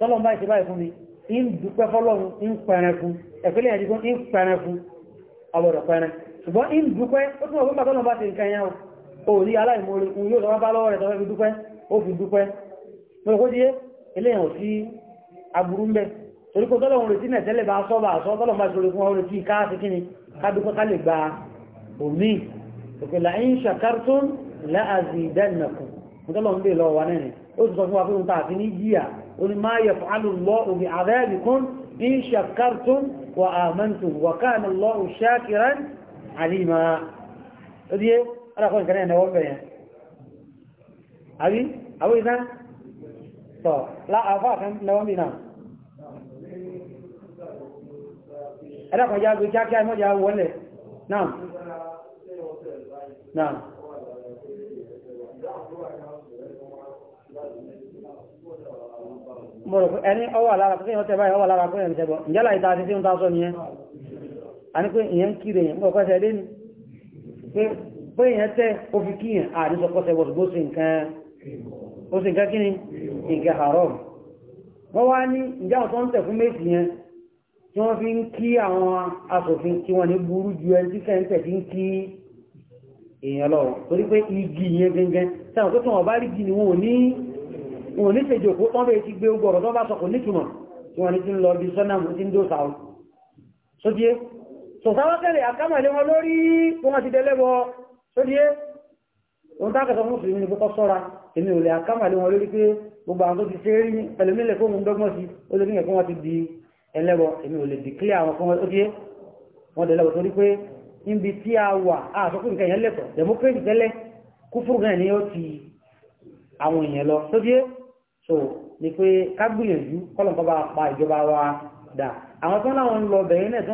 tọ́lọ́mbà ìsẹ́bà fún mi ń dúpẹ́ fọ́lọ́run ń pẹ̀rẹ̀ fún ẹ̀pẹ́lẹ̀ yẹn dígbọ́n ń pẹ̀rẹ̀ fún ọlọ́dọ̀ pẹ̀rẹ̀ ṣùgbọ́n ń dúpẹ́ ó túnmọ̀ pé tọ́lọ́mbà ti nǹkan yẹn o rí aláìmoore òun di yé eléyàn ò sí aburú toríko tọ́lọ̀wọ̀n retí náà tẹ́lẹ̀ bá sọ́bà sọ́ tọ́lọ̀ bá ṣòro fún wọn retí káàkiri kíni kádùkọ́ ká lè gba omi òkèlà ń ṣàkártún láàzì ìdánilẹ̀kùn tọ́lọ̀ ń lè lọ wà náà ó ti sọ fún wa pé òun tààfin ní jíyà ó ní máa yẹ fàálù lọ òbí àdáyàbìkún ń ṣàkártún wà àmọ́ntù wà káàmì lọ òṣàkìrán àlìmá àwọn ìdá tọ̀ láàfáà kan náà wọ́n ẹ̀dàkọ̀ ya gbé kíákíá ìmọ́jà wọlẹ̀ náà náà mọ̀rọ̀ fún ẹni ọwà lára fún ìwọ́n tẹ́bá ìwọ́n lára fún ẹ̀rìn ìjẹ́lá ìta ti tí ń tásọ nìyẹn a ní pé ìyẹn ń kiri èyàn mọ̀rọ̀ pẹ́sẹ̀ ní pé ìyẹn tẹ́ ó fi kí yẹn àdísọ pọ́sẹ̀ bọ̀ wọ́n tó ń tẹ̀ fún tí wọ́n fi ń kí àwọn asòfin tí wọ́n ní burú ju ẹni tí sẹ́ńtẹ̀ fi ń kí èèyàn lọ torí pé igi yẹn gẹ́gẹ́ sáwọn tó tún ọ̀bá rí igi ni wọn ò ní wọn ò ní ṣèjò kó tán bẹ́ẹ̀ ti gbé ogun ọ̀rọ̀ tó bá sọ kò nítumọ̀ tí wọ́n ní ti ń lọ bí sọ́nà mú ti ń dòsà ọ sódíé sọ̀sáwọ́kẹ̀lẹ̀ àkámọ̀lé wọn lórí wọn ti dẹlẹ́wọ́ sódíé wọn tákàtọ̀ mùsùlùmí ni púpọ̀ sọ́ra èmi ò lè àkámọ̀lé wọn lórí pé gbogbo àwọn tó ti ṣe rí ẹlòmílẹ̀ fóun dọ́gbọ́n ẹlẹ́bọ èmi ò lè dìklẹ́ àwọn kan ó díẹ̀ wọ́n dẹ̀ lẹ́bọ torí pé níbi tí a wà á sọ pé nǹkan yẹn lẹ́tọ̀ democracy tẹ́lẹ̀ kúfúrú náà ni ó ti àwọn èèyàn lọ tó díẹ̀ so ni pé kágbìyànjú kọ́lọ̀kọ́ bá pa ìjọba wa dà àwọn tó láwọn lọ bẹ̀rẹ̀ náà tó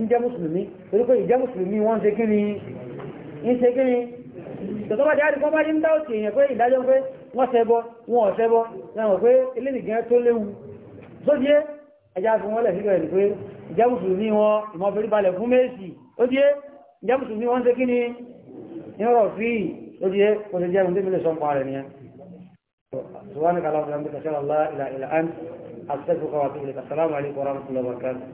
ń jẹ́ mùsùlùmí torí ìjẹ́ mùsùlùmí wọ́n ń ṣe kí ni ń ṣe kí ni tọ́tọ́ bá jáde kọ́ bá jí ń dá èèyàn pé ìdájọ́ pé wọ́n ṣẹbọ wọn ò ṣẹbọ pé elénìgẹ́ tó léwu tó jẹ́ ẹjá fún wọ́n lẹ̀ sílẹ̀ pé ìjẹ́ mùsùlùmí wọn ìmọ̀fẹ́rí balẹ̀ fún méjì ó jẹ́